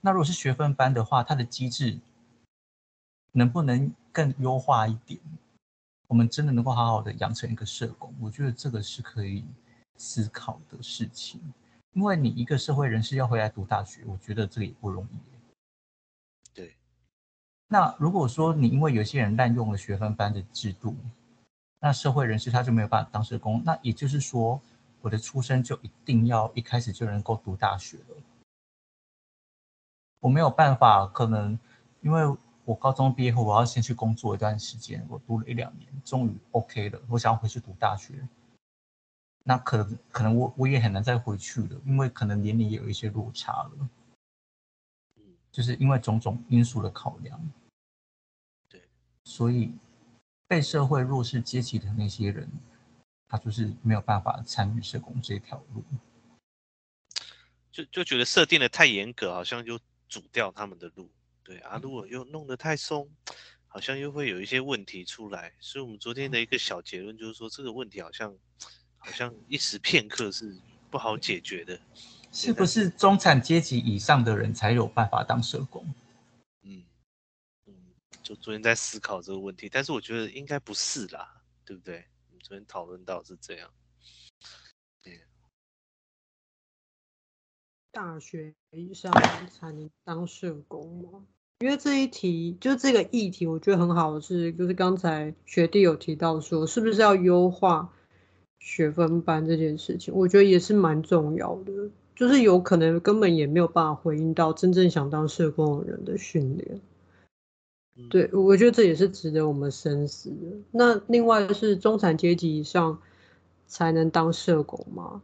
那如果是學分班的話，它的機制。能不能更優化一點？我們真的能夠好好的養成一個社工，我覺得這個是可以思考的事情。因為你一個社會人士要回來讀大學，我覺得這個也不容易。對。那如果說你因為有些人濫用了學分班的制度，那社會人士他就沒有辦法當社工。那也就是說，我的出生就一定要一開始就能夠讀大學了。我沒有辦法，可能因為。我高中畢業後，我要先去工作一段時間。我讀了一兩年，終於 OK 了。我想要回去讀大學，那可能可能我我也很難再回去了，因為可能年齡也有一些落差了。嗯，就是因為種種因素的考量。對，所以被社會弱勢階級的那些人，他就是沒有辦法參與社工這條路，就就覺得設定的太嚴格，好像就阻掉他們的路。對啊，如果又弄得太鬆，好像又會有一些問題出來。所以，我們昨天的一個小結論就是說，嗯、這個問題好像好像一時片刻是不好解決的。是不是中產階級以上的人才有辦法當社工？嗯嗯，就昨天在思考這個問題，但是我覺得應該不是啦，對不對？我們昨天討論到是這樣。對，大學以上才能當社工嗎？因為這一題，就這個議題我覺得很好的是，就是剛才學弟有提到說，是不是要優化學分班這件事情？我覺得也是蠻重要的，就是有可能根本也沒有辦法回應到真正想當社工的人的訓練。對，我覺得這也是值得我們深思的。那另外就是中產階級以上才能當社工嗎？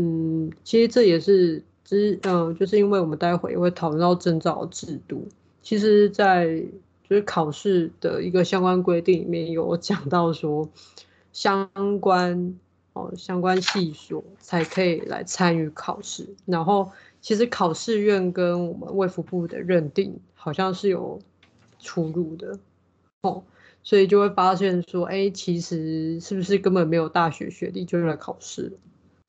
嗯，其實這也是，其、呃、嗯，就是因為我們待會兒也會討論到證照制度。其實，在就是考試的一個相關規定裡面有講到說相關，哦，相關哦相關系所才可以來參與考試。然後，其實考試院跟我們衛福部的認定好像是有出入的哦，所以就會發現說，哎，其實是不是根本沒有大學學歷就來考試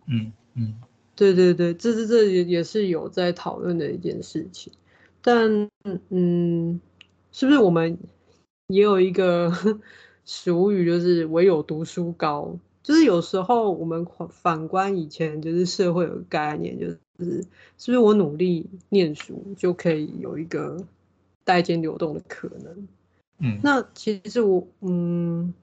嗯？嗯嗯，對對對，這這這也也是有在討論的一件事情。但嗯，是不是我們也有一個俗語，屬於就是唯有讀書高？就是有時候我們反觀以前，就是社會有個概念，就是是不是我努力念書就可以有一個代間流動的可能？嗯，那其實我嗯，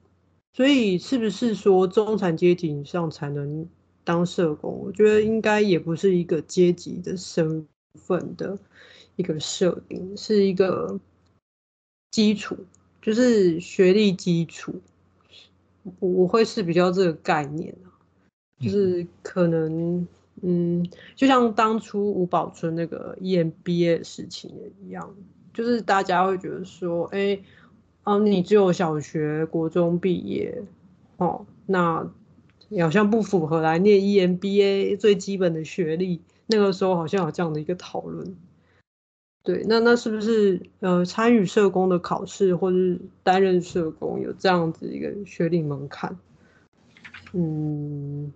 所以是不是說中產階級以上才能當社工？我覺得應該也不是一個階級的身份的。一個設定是一個基礎，就是學歷基礎，我會是比較這個概念就是可能，嗯，就像當初吳寶春那個 EMBA 的事情也一樣，就是大家會覺得說，哎，啊，你只有小學、國中畢業，哦，那好像不符合來念 EMBA 最基本的學歷，那個時候好像有這樣的一個討論。對，那那是不是呃參與社工的考試，或者是擔任社工有這樣子一個學歷門檻？嗯，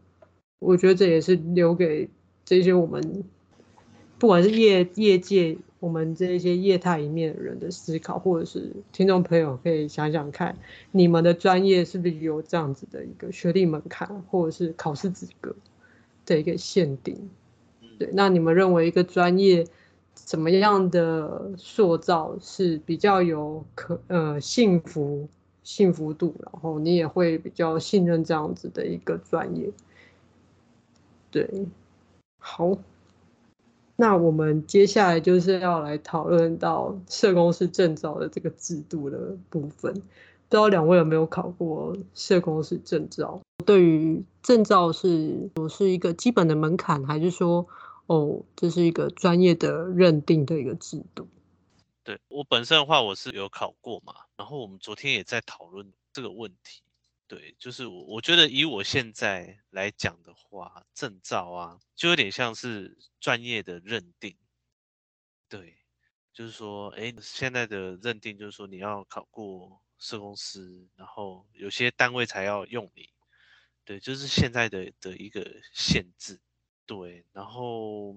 我覺得這也是留給這些我們不管是業業界，我們這些業態裡面的人的思考，或者是聽眾朋友可以想想看，你們的專業是不是有這樣子的一個學歷門檻，或者是考試資格的一個限定？對，那你們認為一個專業？怎麼樣的塑造是比較有可呃，幸福幸福度，然後你也會比較信任這樣子的一個專業，對，好，那我們接下來就是要來討論到社工師證照的這個制度的部分，不知道兩位有沒有考過社工師證照？對於證照是我是一個基本的門檻，還是說？哦，這是一個專業的認定的一個制度。對，我本身的話，我是有考過嘛。然後我們昨天也在討論這個問題。對，就是我我覺得以我現在來講的話，證照啊，就有點像是專業的認定。對，就是說，誒，現在的認定就是說你要考過社工師，然後有些單位才要用你。對，就是現在的的一個限制。對，然後，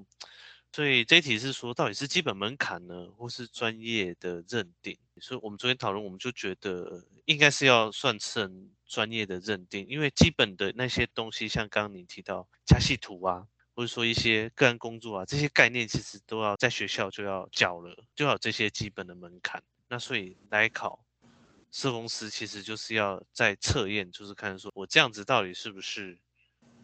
所以這一題是說，到底是基本門檻呢，或是專業的認定？所以，我們昨天討論，我們就覺得、呃、應該是要算成專業的認定，因為基本的那些東西，像剛剛你提到家系圖啊，或者說一些個案工作啊，這些概念其實都要在學校就要教了，就要有這些基本的門檻。那所以來考社工師，其實就是要在測驗，就是看說我這樣子到底是不是。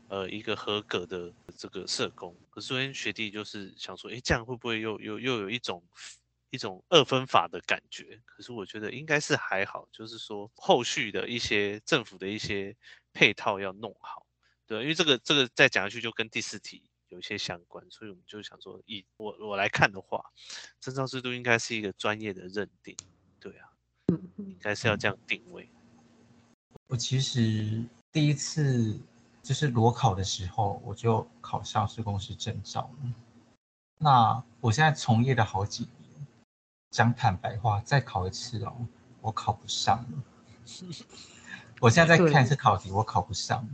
呃，一個合格的這個社工，可是昨天學弟就是想說，誒，這樣會不會又又又有一種一種二分法的感覺？可是我覺得應該是還好，就是說後續的一些政府的一些配套要弄好，對，因為這個這個再講下去就跟第四題有一些相關，所以我們就想說，以我我來看的話，證照制度應該是一個專業的認定，對啊，應該是要這樣定位。嗯嗯、我其實第一次。就是裸考的時候，我就考上市公司證照了。那我現在從業的好幾年，講坦白話，再考一次哦，我考不上了。是是是，我現在在看一次考題，對我考不上。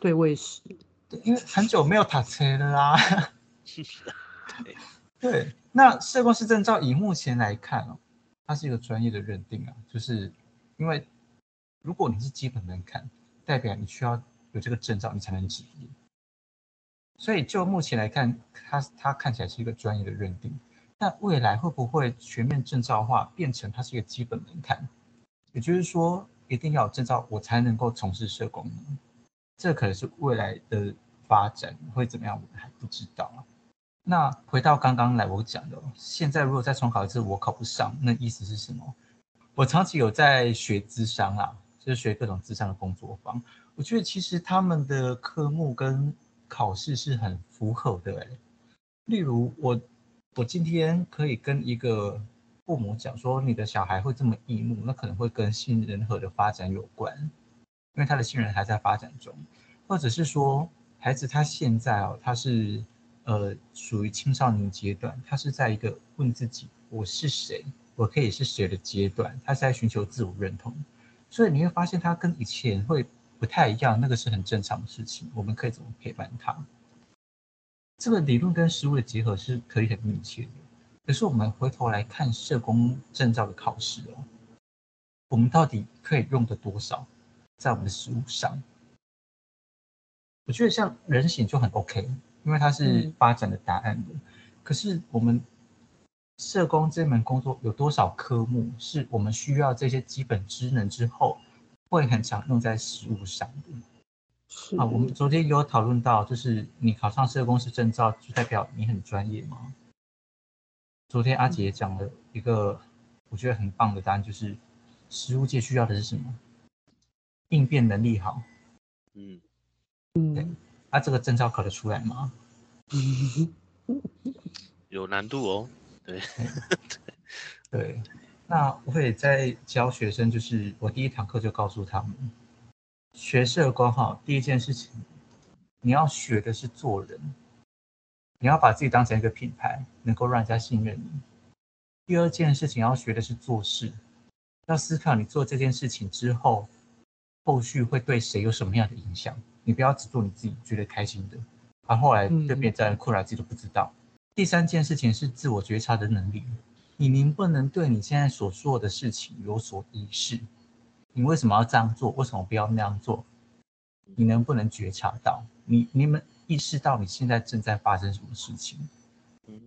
對，我也是。對，因為很久沒有塔車了啦。是是對， 對，那市公司證照以目前來看哦，它是一個專業的認定啊，就是因為如果你是基本門檻，代表你需要。有這個證照，你才能執業。所以就目前來看，它它看起來是一個專業的認定。那未來會不會全面證照化，變成它是一個基本門檻？也就是說，一定要有證照，我才能夠從事社工呢？這可能是未來的發展會怎麼樣，我還不知道啊。那回到剛剛來我講的，現在如果再重考一次，我考不上，那意思是什麼？我長期有在學諮商啊，就是學各種諮商的工作坊。我覺得其實他們的科目跟考試是很符合的，哎，例如我，我今天可以跟一個父母講說，你的小孩會這麼易怒，那可能會跟杏仁核的發展有關，因為他的杏仁還在發展中，或者是說孩子他現在哦，他是呃屬於青少年階段，他是在一個問自己我是誰，我可以是誰的階段，他是在尋求自我認同，所以你會發現他跟以前會。不太一樣，那個是很正常的事情。我們可以怎麼陪伴他？這個理論跟實務的結合是可以很密切的。可是我們回頭來看社工證照的考試哦，我們到底可以用的多少在我們的實務上？我覺得像人性就很 OK，因為它是發展的答案的。嗯、可是我們社工這門工作有多少科目是我們需要這些基本知能之後？會很常用在實務上，是、嗯、啊。我們昨天有討論到，就是你考上社工師證照，就代表你很專業嗎？昨天阿捷講了一個我覺得很棒的答案，就是實務界需要的是什麼？應變能力好。嗯嗯。對，那、啊、這個證照考得出來嗎？有難度哦。對對。對那我也在教學生，就是我第一堂課就告訴他們，學社工。哈，第一件事情，你要學的是做人，你要把自己當成一個品牌，能夠讓人家信任你。第二件事情要學的是做事，要思考你做這件事情之後，後續會對誰有什麼樣的影響。你不要只做你自己覺得開心的，而後，後來對面、嗯、在困擾自己都不知道。第三件事情是自我覺察的能力。你能不能對你現在所做的事情有所意識？你為什麼要這樣做？為什麼不要那樣做？你能不能覺察到？你你們意識到你現在正在發生什麼事情？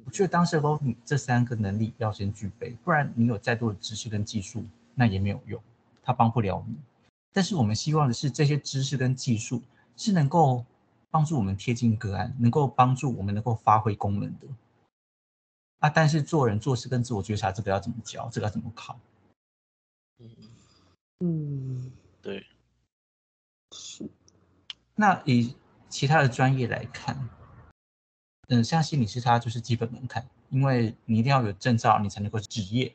我覺得當時都，你這三個能力要先具備，不然你有再多的知識跟技術，那也沒有用，它幫不了你。但是我們希望的是，這些知識跟技術是能夠幫助我們貼近個案，能夠幫助我們能夠發揮功能的。啊！但是做人做事跟自我覺察這個要怎麼教？這個要怎麼考？嗯,嗯對，是。那以其他的專業來看，嗯，像心理師他就是基本門檻，因為你一定要有證照，你才能夠執業。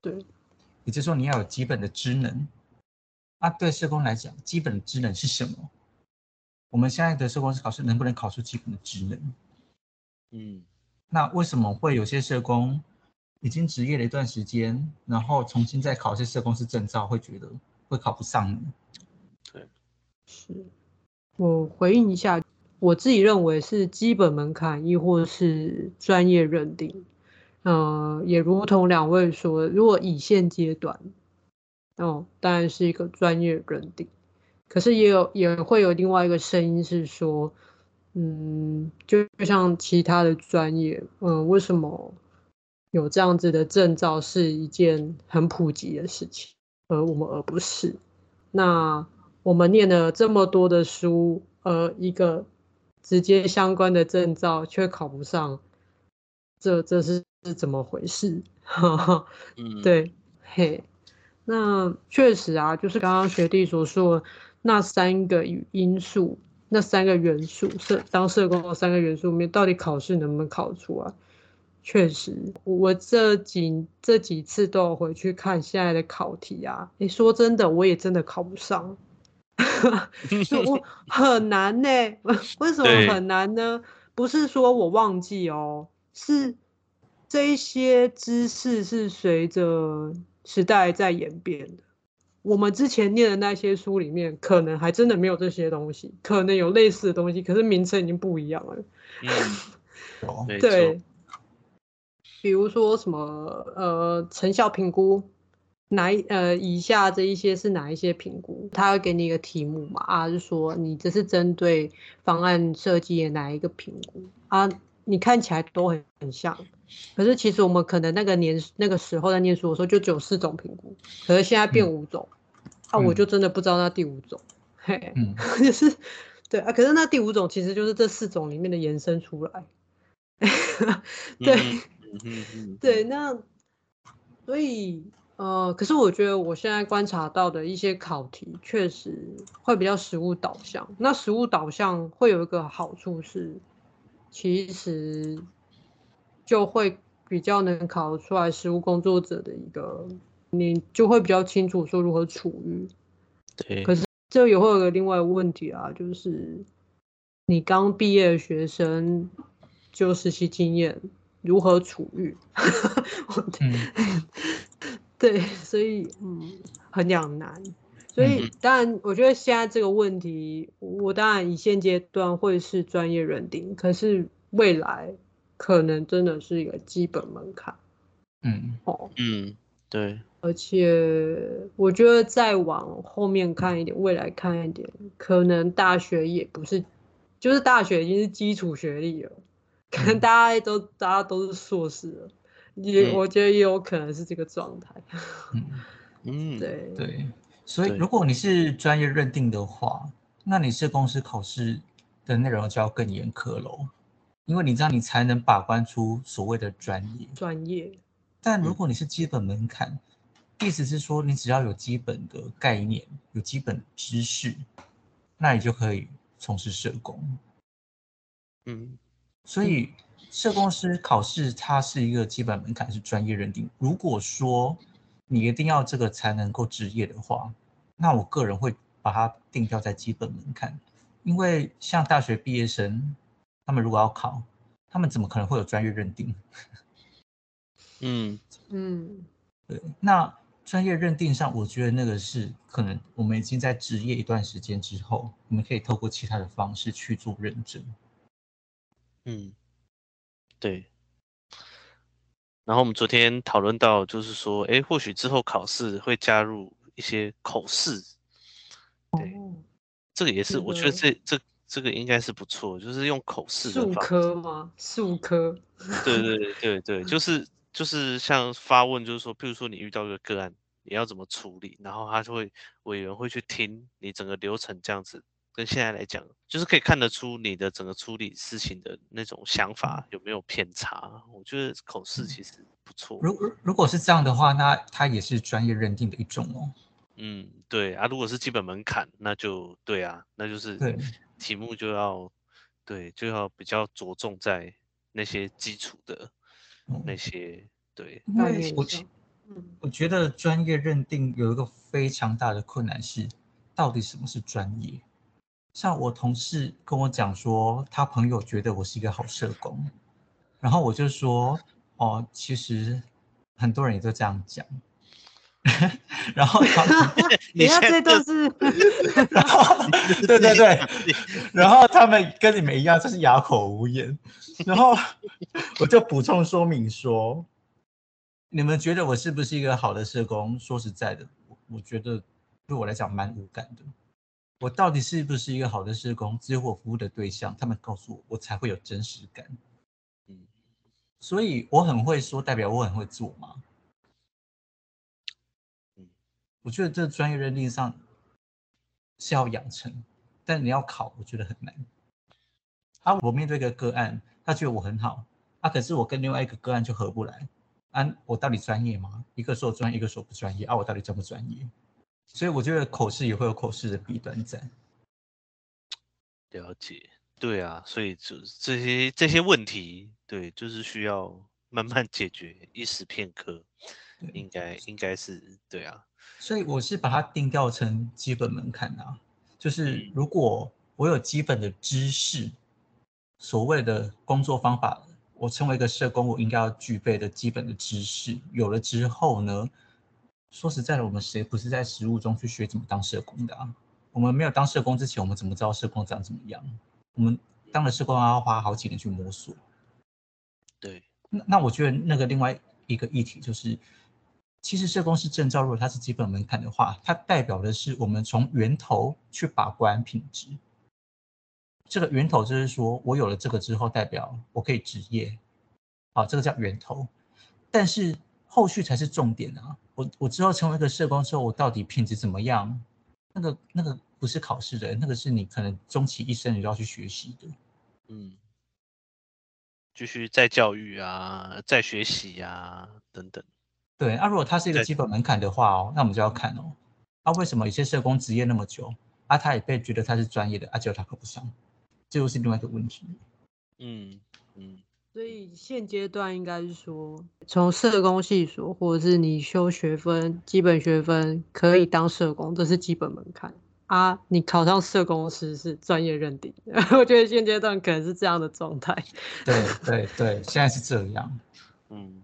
對，也就是說你要有基本的職能。啊，對社工來講，基本的職能是什麼？我們現在的社工師考試能不能考出基本的職能？嗯。那為什麼會有些社工已經執業了一段時間，然後重新再考些社工師證照，會覺得會考不上呢？對，是我回應一下，我自己認為是基本門檻，亦或是專業認定。呃，也如同兩位說，如果以現階段，哦，當然是一個專業認定。可是也有也會有另外一個聲音是說。嗯，就像其他的專業，嗯、呃，為什麼有這樣子的證照是一件很普及的事情，而我們而不是？那我們念了這麼多的書，呃，一個直接相關的證照卻考不上這，這這是怎麼回事？哈哈，對，嗯嗯嘿，那確實啊，就是剛剛學弟所說那三個因素。那三個元素社當社工的三個元素，面到底考試能不能考出啊？確實，我這幾這幾次都有回去看現在的考題啊。你說真的，我也真的考不上， 我很難呢、欸。 為什麼很難呢？對不是說我忘記哦，是這一些知識是隨着時代在演變的。我們之前念的那些書裡面，可能還真的沒有這些東西，可能有類似的東西，可是名稱已經不一樣了。嗯、 對。沒錯。比如說什麼呃，成效評估，哪一呃，以下這一些是哪一些評估？他會給你一個題目嘛？啊，就是說你這是針對方案設計的哪一個評估啊？你看起來都很很像。可是其實我們可能那個年那個時候在念書的時候就只有四種評估，可是現在變五種，那、嗯啊、我就真的不知道那第五種，嗯，嘿嗯 就是，對啊，可是那第五種其實就是這四種裡面的延伸出來， 對，嗯嗯嗯嗯、對，那所以呃，可是我覺得我現在觀察到的一些考題確實會比較實務導向，那實務導向會有一個好處是，其實。就會比較能考出來實務工作者的一個，你就會比較清楚說如何處遇。對，可是這也會有一個另外一個問題啊，就是你剛畢業的學生就實習經驗如何處遇？對， 對嗯、所以嗯，很兩難。所以當然，我覺得現在這個問題，我當然以現階段會是專業認定，可是未來。可能真的是一個基本門檻，嗯，哦，嗯，對，而且我覺得再往後面看一點，未來看一點，可能大學也不是，就是大學已經是基礎學歷了，可能大家都、嗯、大家都是碩士了，嗯、也我覺得也有可能是這個狀態，嗯，對 、嗯、對，對對，所以如果你是專業認定的話，那你是公司考試的內容就要更嚴苛嘍。因為你知道，你才能把關出所謂的專業。專業，但如果你是基本門檻，意思是說，你只要有基本的概念、有基本知識，那你就可以從事社工。嗯，所以社工師考試它是一個基本門檻，是專業認定。如果說你一定要這個才能夠執業的話，那我個人會把它定調在基本門檻，因為像大學畢業生。他們如果要考，他們怎麼可能會有專業認定？嗯 嗯，嗯對。那專業認定上，我覺得那個是可能，我們已經在職業一段時間之後，我們可以透過其他的方式去做認證。嗯，對。然後我們昨天討論到，就是說，哎、欸，或許之後考試會加入一些口試。對，嗯、這個也是，是的我覺得這這。這個應該是不錯，就是用口試。術科嗎？術科。對對對對對，就是就是像發問，就是說，譬如說你遇到一個個案，你要怎麼處理，然後他就會委員會去聽你整個流程這樣子，跟現在來講，就是可以看得出你的整個處理事情的那種想法有沒有偏差。我覺得口試其實不錯。嗯，如果如果是這樣的話，那它也是專業認定的一種哦。嗯，對啊，如果是基本門檻，那就對啊，那就是對題目就要，對，就要比較着重在那些基礎的那些，對。那也不行。嗯、我覺得專業認定有一個非常大的困難是，到底什麼是專業？像我同事跟我講說，他朋友覺得我是一個好社工，然後我就說，哦、呃，其實很多人也都這樣講。 然後他， 你看，這都是。 然後，對對對， 然後他們跟你們一樣，這、就是啞口無言。 然後，我就補充說明說，你們覺得我是不是一個好的社工？說實在的，我，我覺得對我來講蠻無感的。我到底是不是一個好的社工？只有我服務的對象，他們告訴我，我才會有真實感。嗯、所以我很會說，代表我很會做嘛。我覺得這個專業認定上是要養成，但你要考，我覺得很難。啊，我面對一個個案，他覺得我很好，啊，可是我跟另外一個個案就合不來。啊，我到底專業嗎？一個說專，一個說不專業。啊，我到底專不專業？所以我覺得口試也會有口試的弊端在。了解，對啊，所以就這些這些問題，對，就是需要慢慢解決，一時片刻。對，應該應該是對啊，所以我是把它定調成基本門檻啊，就是如果我有基本的知識、所謂的工作方法，我成為一個社工，我應該要具備的基本的知識，有了之後呢，說實在的，我們誰不是在實務中去學怎麼當社工的啊？我們沒有當社工之前，我們怎麼知道社工長怎麼樣？我們當了社工，還要花好幾年去摸索。對，那那我覺得那個另外一個議題就是。其實社工是證照，如果它是基本門檻的話，它代表的是我們從源頭去把關品質。這個源頭就是說我有了這個之後，代表我可以執業，好、啊，這個叫源頭。但是後續才是重點啊！我我之後成為一個社工之後，我到底品質怎麼樣？那個那個不是考試的，那個是你可能終其一生你都要去學習的。嗯，繼續再教育啊，再學習啊，等等。對，那、啊、如果它是一個基本門檻的話哦，對那我們就要看哦，啊，為什麼有些社工職業那麼久，啊，他也被覺得他是專業的，啊，結果他考不上，這又是另外一個問題。嗯嗯，嗯所以現階段應該是說，從社工系所或者是你修學分，基本學分可以當社工，這是基本門檻啊。你考上社工師是專業認定，然後 我覺得現階段可能是這樣的狀態。對對對，現在是這樣。嗯，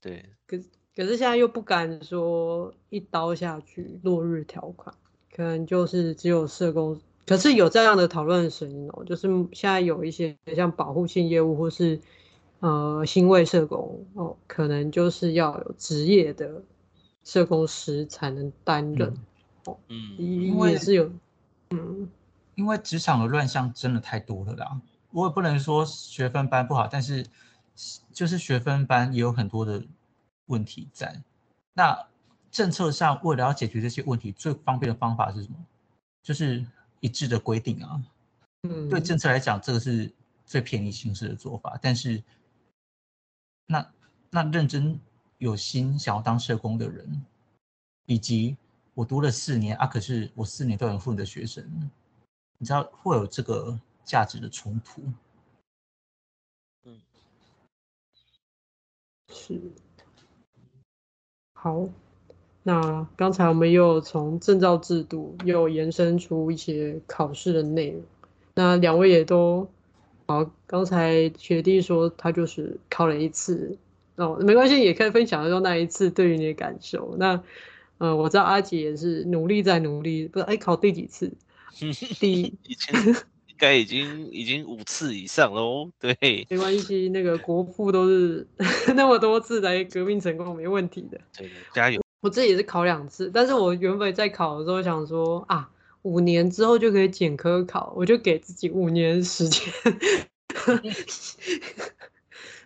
對，可可是現在又不敢說一刀下去，落日條款可能就是只有社工。可是有這樣的討論聲音哦，就是現在有一些像保護性業務或是呃心衛社工哦，可能就是要有職業的社工師才能擔任哦、嗯。嗯，因為是有嗯，因為職場的亂象真的太多了啦。我也不能說學分班不好，但是就是學分班也有很多的。問題在那政策上，為了要解決這些問題，最方便的方法是什麼？就是一致的規定啊。嗯，對政策來講，這個是最便宜形式的做法。但是，那那認真有心想要當社工的人，以及我讀了四年啊，可是我四年都很混的學生，你知道會有這個價值的衝突。嗯，是。好，那剛才我們又從證照制度又延伸出一些考試的內容。那兩位也都，好，剛才學弟說他就是考了一次，哦，沒關係，也可以分享一下那一次對於你的感受。那，呃，我知道阿捷也是努力再努力，不是？哎，考第幾次？第一次？應該已經已經五次以上嘍，對，沒關係，那個國父都是呵呵那麼多次來革命成功，沒問題的。對，加油！我自己也是考兩次，但是我原本在考的時候想說啊，五年之後就可以減科考，我就給自己五年時間。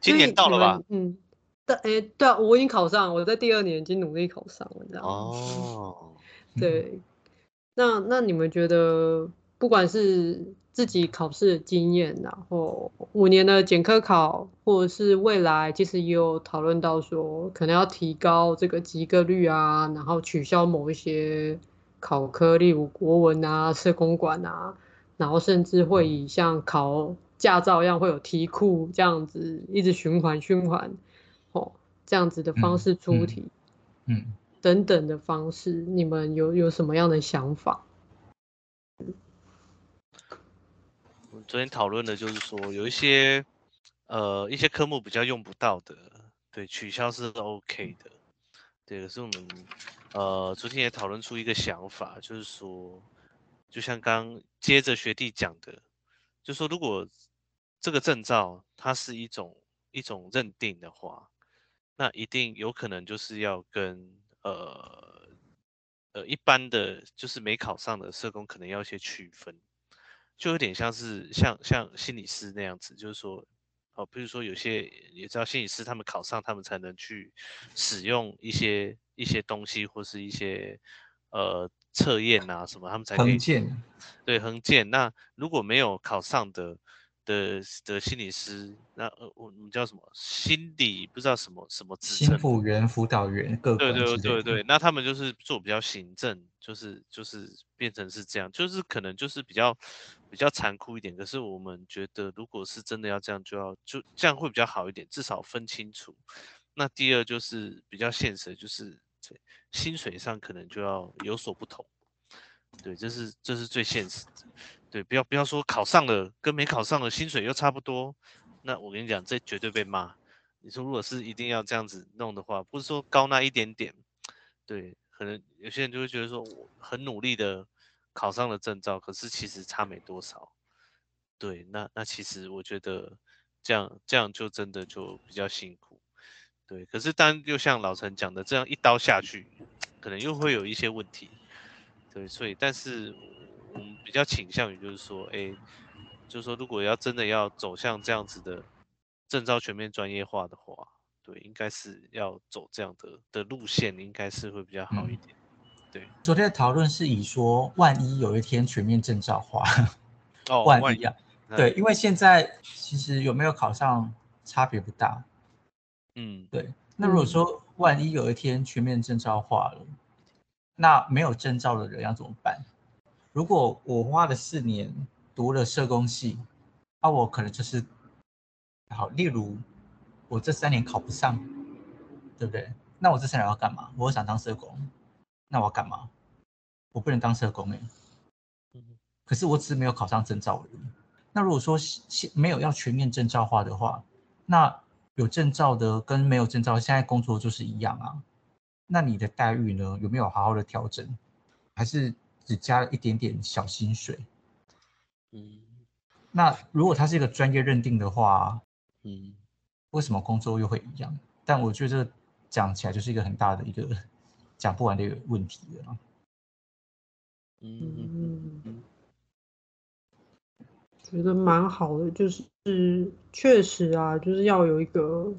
今年到了吧？嗯，但哎、欸，對啊，我已經考上，我在第二年已經努力考上了這樣。哦，對，嗯、那那你們覺得不管是？自己考試的經驗，然後五年的減科考，或者是未來，其實也有討論到說，可能要提高這個及格率啊，然後取消某一些考科，例如國文啊、社工管啊，然後甚至會以像考駕照一樣，會有題庫這樣子一直循環循環，哦，這樣子的方式出題，嗯，嗯嗯等等的方式，你們有有什麼樣的想法？昨天討論的就是說，有一些呃一些科目比較用不到的，對，取消是都 OK 的，對，可是我們呃昨天也討論出一個想法，就是說，就像剛剛接着學弟講的，就是說如果這個證照它是一種一種認定的話，那一定有可能就是要跟呃呃一般的就是沒考上的社工可能要一些區分。就有點像是像像心理師那樣子，就是說，哦，比如說有些也知道心理師他們考上，他們才能去使用一些一些東西或是一些呃測驗啊什麼，他們才可以。衡鑑。對，衡鑑。那如果沒有考上的的的心理師，那我、呃、我們叫什麼心理不知道什麼什麼職稱。心輔員、輔導員、各個對對對對對，那他們就是做比較行政，就是就是變成是這樣，就是可能就是比較。比較殘酷一點，可是我們覺得，如果是真的要這樣，就要就這樣會比較好一點，至少分清楚。那第二就是比較現實，就是薪水上可能就要有所不同。對，這是這是最現實的。對，不要不要說考上了跟沒考上的薪水又差不多，那我跟你講，這絕對被罵。你說如果是一定要這樣子弄的話，不是說高那一點點，對，可能有些人就會覺得說我很努力的。考上了證照，可是其實差沒多少。對，那那其實我覺得這樣這樣就真的就比較辛苦。對，可是當然又像老陳講的，這樣一刀下去，可能又會有一些問題。對，所以但是我們比較傾向於就是說，哎，就是說如果要真的要走向這樣子的證照全面專業化的話，對，應該是要走這樣的的路線，應該是會比較好一點。嗯。對，昨天的討論是以說，萬一有一天全面證照化，哦、萬一啊，萬一啊，對，因為現在其實有沒有考上差別不大，嗯，對，那如果說萬一有一天全面證照化了，嗯、那沒有證照的人要怎麼辦？如果我花了四年讀了社工系，那、啊、我可能就是，好，例如我這三年考不上，對不對？那我這三年要幹嘛？我想當社工。那我要幹嘛？我不能當社工誒、欸。可是我只是沒有考上證照而已。那如果說現沒有要全面證照化的話，那有證照的跟沒有證照現在工作就是一樣啊。那你的待遇呢？有沒有好好的調整？還是只加了一點點小薪水？嗯。那如果它是一個專業認定的話，嗯，為什麼工作又會一樣？但我覺得這講起來就是一個很大的一個。講不完的問題的啦，嗯嗯，嗯，嗯嗯覺得蠻好的，就是是確實啊，就是要有一個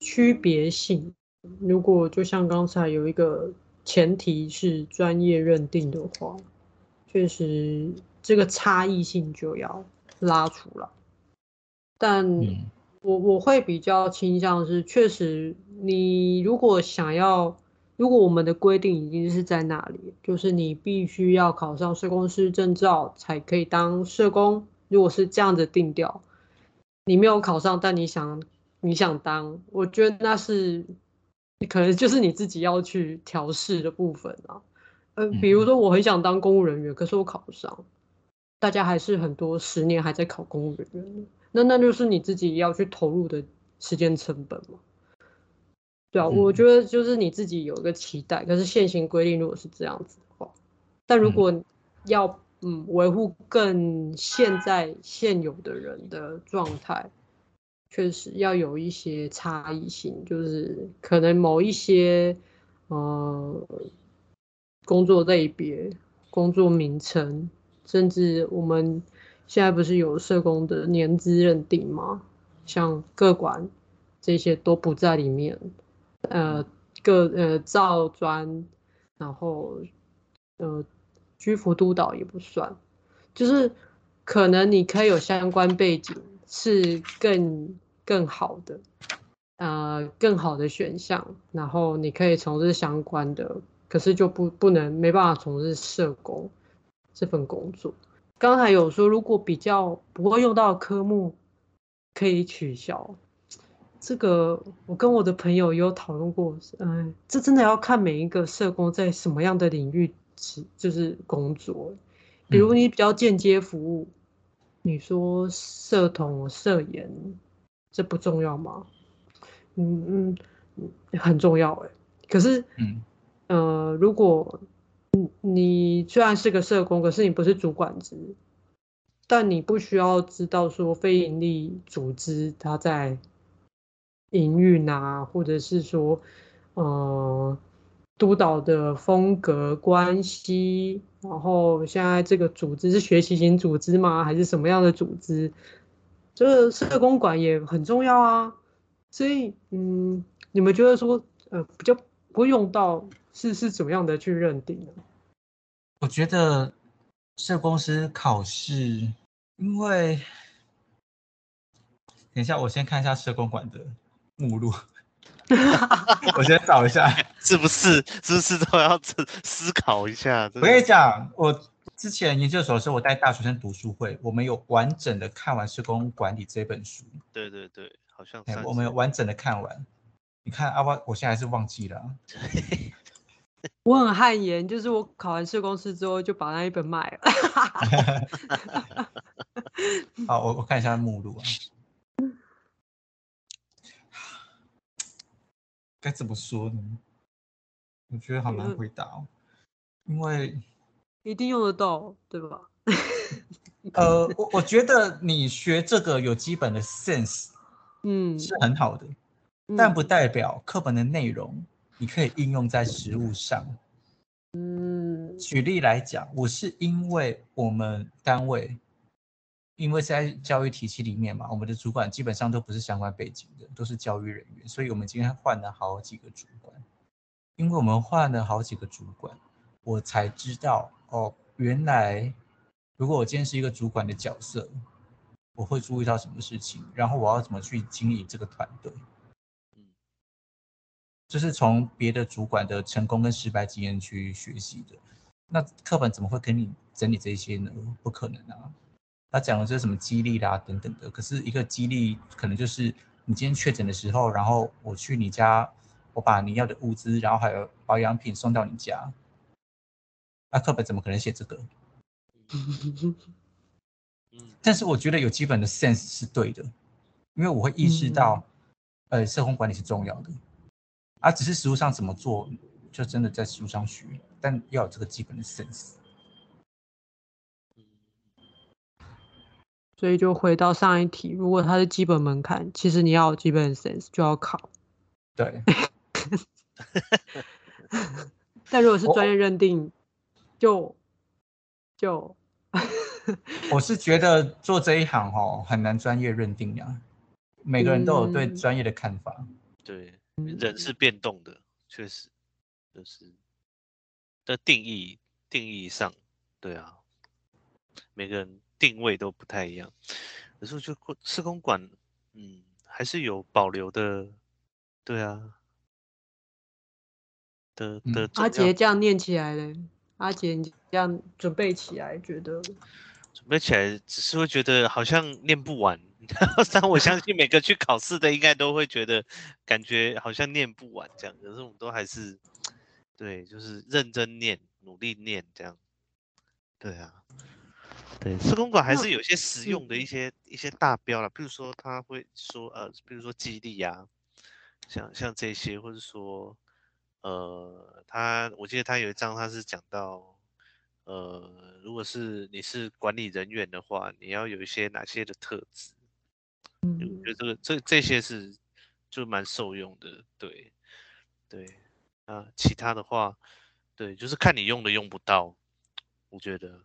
區別性。如果就像剛才有一個前提是專業認定的話，確實這個差異性就要拉出來。但我，嗯，我會比較傾向是，確實你如果想要。如果我們的規定已經是在那裡，就是你必須要考上社工師證照才可以當社工。如果是這樣子定調，你沒有考上，但你想，你想當，我覺得那是可能就是你自己要去調試的部分啊。呃，比如說我很想當公務人員，嗯、可是我考不上，大家還是很多十年還在考公務人員，那那就是你自己要去投入的時間成本嘛。對啊，我覺得就是你自己有一個期待，可是現行規定如果是這樣子的話，但如果要嗯維護更現在現有的人的狀態，確實要有一些差異性，就是可能某一些呃工作類別、工作名稱，甚至我們現在不是有社工的年資認定嗎？像個管這些都不在裡面。呃，各呃，造專，然後，呃，居服督導也不算，就是可能你可以有相關背景是更更好的，呃，更好的選項，然後你可以從事相關的，可是就不不能沒辦法從事社工這份工作。剛才有說，如果比較不會用到科目，可以取消。這個我跟我的朋友也有討論過，嗯、哎，這真的要看每一個社工在什麼樣的領域，就是工作，比如你比較間接服務，嗯、你說社統社研，這不重要嗎？嗯嗯，很重要哎。可是，嗯、呃，如果你你雖然是個社工，可是你不是主管職，但你不需要知道說非營利組織它在。營運啊，或者是說，呃，督導的風格關係，然後現在這個組織是學習型組織嗎？還是什麼樣的組織？這個、社公管也很重要啊。所以，嗯，你們覺得說，呃，比較不會用到是是怎麼樣的去認定呢？我覺得社工師考試，因為，等一下我先看一下社工館的。目錄， 我先找一下， 是不是是不是都要思思考一下？我跟你講，我之前研究所的時候，我帶大學生讀書會，我們有完整的看完《社工管理》這本書。對對對，好像是、欸。我們有完整的看完，你看阿巴，我現在還是忘記了、啊。 我很汗顏，就是我考完社工師之後就把那一本賣了。 好，我我看一下目錄啊。該怎麼說呢？我覺得好難回答哦，因為一定用得到，對吧？ 呃，我我覺得你學這個有基本的 sense，嗯，是很好的，嗯、但不代表課本的內容你可以應用在實務上。嗯，舉例來講，我是因為我們單位。因為在教育體系裡面嘛，我們的主管基本上都不是相關背景的，都是教育人員，所以我們今天換了好幾個主管。因為我們換了好幾個主管，我才知道哦，原來如果我今天是一個主管的角色，我會注意到什麼事情，然後我要怎麼去經營這個團隊。嗯，就是從別的主管的成功跟失敗經驗去學習的。那課本怎麼會給你整理這些呢？不可能啊。他、啊、講的是什麼激勵啦、啊、等等的，可是一個激勵可能就是你今天確診的時候，然後我去你家，我把你要的物資，然後還有保養品送到你家。那、啊、課本怎麼可能寫這個？ 但是我覺得有基本的 sense 是對的，因為我會意識到，嗯、呃，社工管理是重要的，啊，只是實務上怎麼做，就真的在實務上學，但要有這個基本的 sense。所以就回到上一題，如果它是基本門檻，其實你要有基本 sense 就要考。對。 但如果是專業認定，就、哦、就。就 我是覺得做這一行哦，很難專業認定呀、啊。每個人都有對專業的看法。嗯、對，人是變動的，確實，就是的，定義定義上，對啊，每個人。定位都不太一樣，可是就社工館，嗯，還是有保留的，對啊，的的。嗯、樣阿捷這樣念起來嘞，阿捷這樣準備起來，覺得準備起來只是會覺得好像念不完， 但我相信每個去考試的應該都會覺得感覺好像念不完這樣，有時候我們都還是對，就是認真念，努力念這樣，對啊。對，社工管還是有一些實用的一些那一些大標啦，嗯、比如說他會說呃，比如說激勵啊，像像這些，或者說呃，他我記得他有一章他是講到，呃，如果是你是管理人員的話，你要有一些哪些的特質？嗯，我覺得這個這這些是就蠻受用的，對，對，啊，其他的話，對，就是看你用的用不到，我覺得。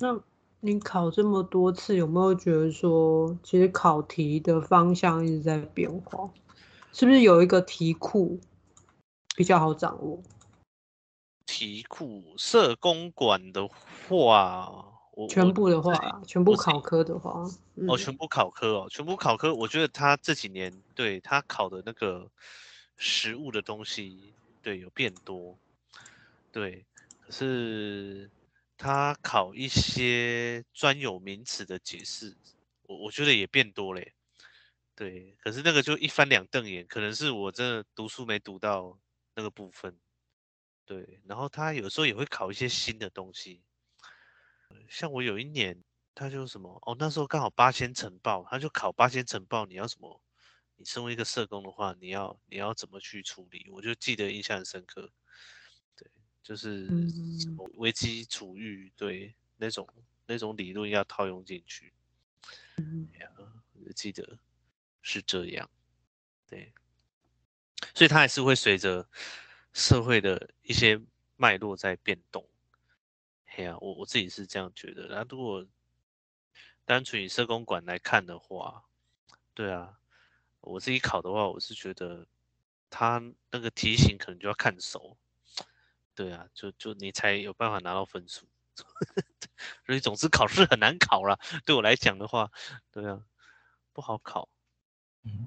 那你考這麼多次，有沒有覺得說，其實考題的方向一直在變化，是不是有一個題庫比較好掌握？題庫社公館的話，我全部的話，全部考科的話，哦，嗯、全部考科哦，全部考科，我覺得他這幾年對他考的那個實務的東西，對，有變多，對，可是。他考一些專有名詞的解釋，我我覺得也變多了。對，可是那個就一翻兩瞪眼，可能是我真的讀書沒讀到那個部分。對，然後他有時候也會考一些新的東西，像我有一年，他就什麼，哦，那時候剛好八仙塵爆，他就考八仙塵爆，你要什麼？你身為一個社工的話，你要你要怎麼去處理？我就記得印象很深刻。就是危機處遇、嗯、對，那種那種理論要套用進去，嗯、哎、我記得是這樣，對，所以它還是會隨着社會的一些脈絡在變動，嘿、哎、呀，我我自己是這樣覺得。那如果單純以社工管來看的話，對啊，我自己考的話，我是覺得它那個題型可能就要看熟。對啊，就就你才有辦法拿到分數，所 以總之考試很難考啦。對我來講的話，對啊，不好考。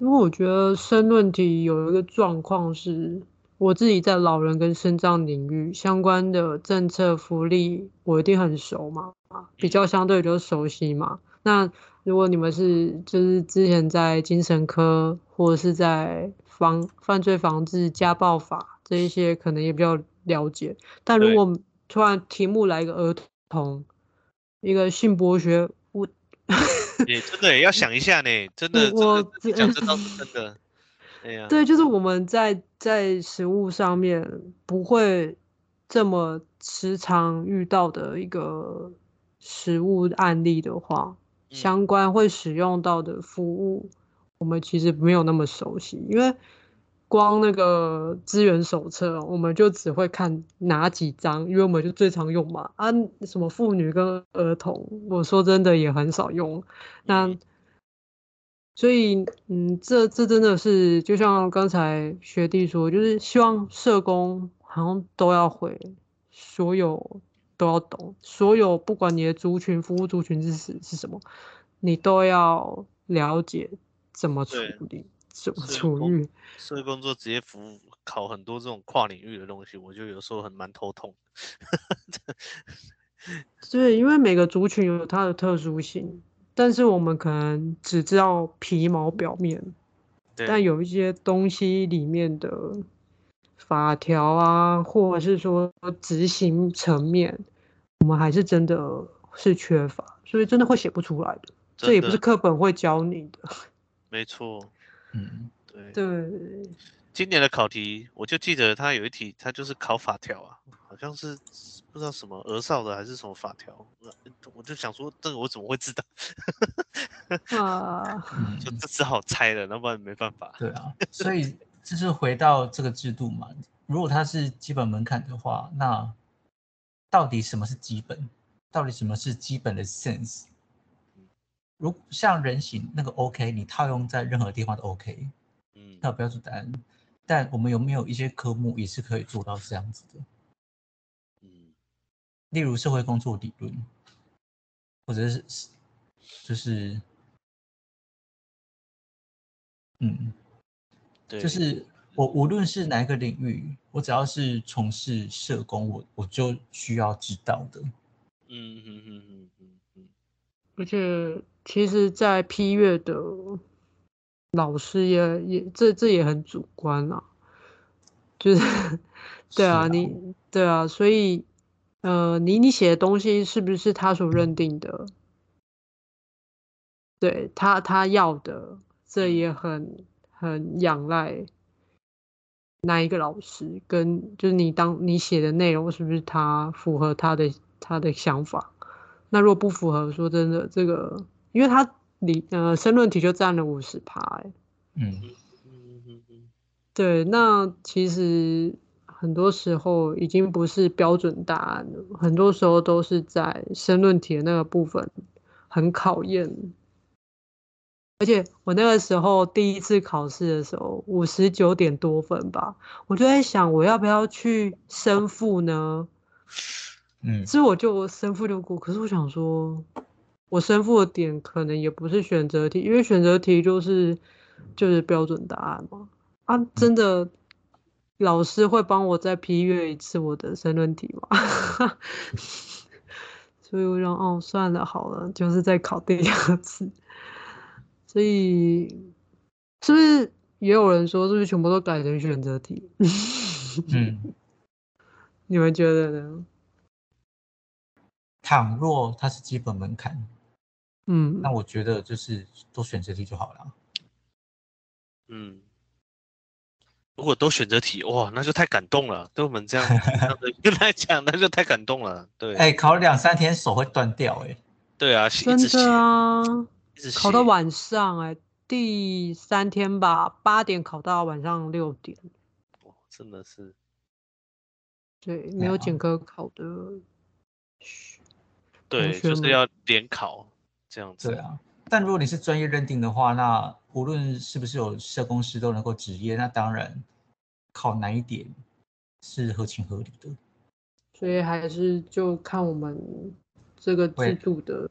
因為我覺得申論題有一個狀況是，我自己在老人跟身障領域相關的政策福利，我一定很熟嘛，比較相對就熟悉嘛。那如果你們是就是之前在精神科或者是在防犯罪防治家暴法這一些，可能也比較。了解，但如果突然題目來一個兒童，對一個性博學物，你、欸、真的 要想一下呢，真的講這道真的，真的對，就是我們在在食物上面不會這麼時常遇到的一個食物案例的話，相關會使用到的服務，嗯、我們其實沒有那麼熟悉，因為。光那個資源手冊，我們就只會看哪幾章，因為我們就最常用嘛。啊，什麼婦女跟兒童，我說真的也很少用。那所以，嗯，這這真的是，就像剛才學弟說，就是希望社工好像都要會，所有都要懂，所有不管你的族群服務族群是是什麼，你都要了解怎麼處理。社會社會工作直接服務，考很多這種跨領域的東西，我就有時候很蠻頭痛。 對，因為每個族群有它的特殊性，但是我們可能只知道皮毛表面，對但有一些東西裡面的法條啊，或者是說執行層面，我們還是真的是缺乏，所以真的會寫不出來的。的這也不是課本會教你的，沒錯。嗯，對對，對，今年的考題我就記得他有一題，他就是考法條啊，好像是不知道什麼額少的還是什麼法條，我就想說這個我怎麼會知道 啊？ 就只好猜了，那、嗯、不然沒辦法。對啊，所以就是回到這個制度嘛， 如果它是基本門檻的話，那到底什麼是基本？到底什麼是基本的 sense？如像人形那個 OK，你套用在任何地方都 OK。嗯，不要做答案，嗯，但我們有沒有一些科目也是可以做到這樣子的？嗯，例如社會工作理論，或者是是，就是，嗯，對，就是我無論是哪一個領域，我只要是從事社工，我我就需要知道的。嗯嗯嗯嗯嗯嗯，嗯嗯嗯嗯而且。其實，在批閱的老師也也這這也很主觀啊，就是， 對啊，啊你對啊，所以，呃，你你寫的東西是不是他所認定的？對他他要的，這也很很仰賴哪一個老師跟就是你當你寫的內容是不是他符合他的他的想法？那如果不符合，說真的，這個。因為他理呃申論題就占了五十趴。嗯嗯嗯嗯，對，那其實很多時候已經不是標準答案了，很多時候都是在申論題的那個部分很考驗。而且我那個時候第一次考試的時候，五十九點多分吧，我就在想我要不要去申覆呢？嗯，其實我就申覆就過，可是我想說。我申覆的點可能也不是選擇題，因為選擇題就是就是標準答案嘛。啊，真的，老師會幫我再批閱一次我的申論題嗎？ 所以我想，哦，算了，好了，就是再考第二次。所以，是不是也有人說，是不是全部都改成選擇題？ 嗯，你們覺得呢？倘若它是基本門檻。嗯，那我覺得就是多選擇題就好了。嗯，如果多選擇題，哇，那就太感動了。對我們這樣子， 這樣子來講，那就太感動了。對，哎、欸，考兩三天手會斷掉、欸，哎，對啊，真的啊，一直考到晚上、欸，哎，第三天吧，八點考到晚上六點，真的是，對，沒有簡科考的，好對，就是要連考。這樣子，對啊，但如果你是專業認定的話，那無論是不是有社工師都能夠執業，那當然考難一點是合情合理的。所以還是就看我們這個制度的未、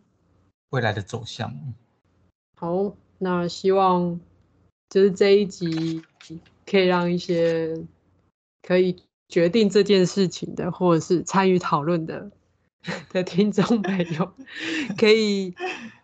未來的走向。好，那希望就是這一集可以讓一些可以決定這件事情的，或者是參與討論的。 的聽眾朋友，可以。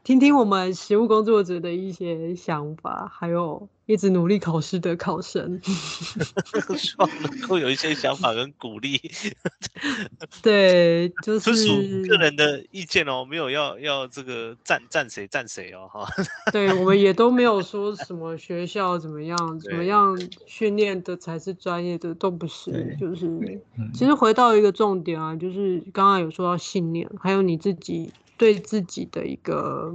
聽聽我們實務工作者的一些想法，還有一直努力考試的考生，希望能夠有一些想法跟鼓勵。 對，就是純屬個人的意見哦、喔，沒有要要這個贊贊誰贊誰哦哈。喔、 對，我們也都沒有說什麼學校怎麼樣對怎麼樣訓練的才是專業的，都不是。對就是對其實回到一個重點啊，就是剛剛有說到信念，還有你自己。對自己的一個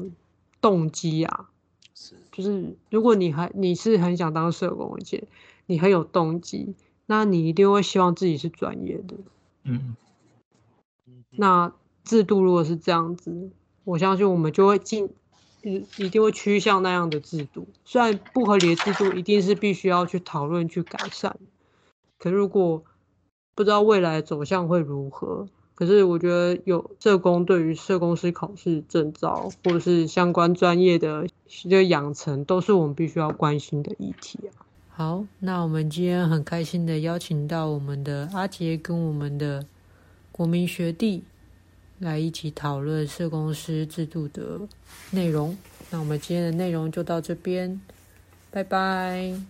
動機啊，是就是如果你還你是很想當社工，而且你很有動機，那你一定會希望自己是專業的。嗯，那制度如果是這樣子，我相信我們就會進，一定會趨向那樣的制度。雖然不合理的制度一定是必須要去討論去改善，可是如果不知道未來走向會如何。可是我覺得有社工對於社工師考試證照或者是相關專業的這個養成，都是我們必須要關心的議題啊。好，那我們今天很開心的邀請到我們的阿捷跟我們的國民學弟來一起討論社工師制度的內容。那我們今天的內容就到這邊，拜拜。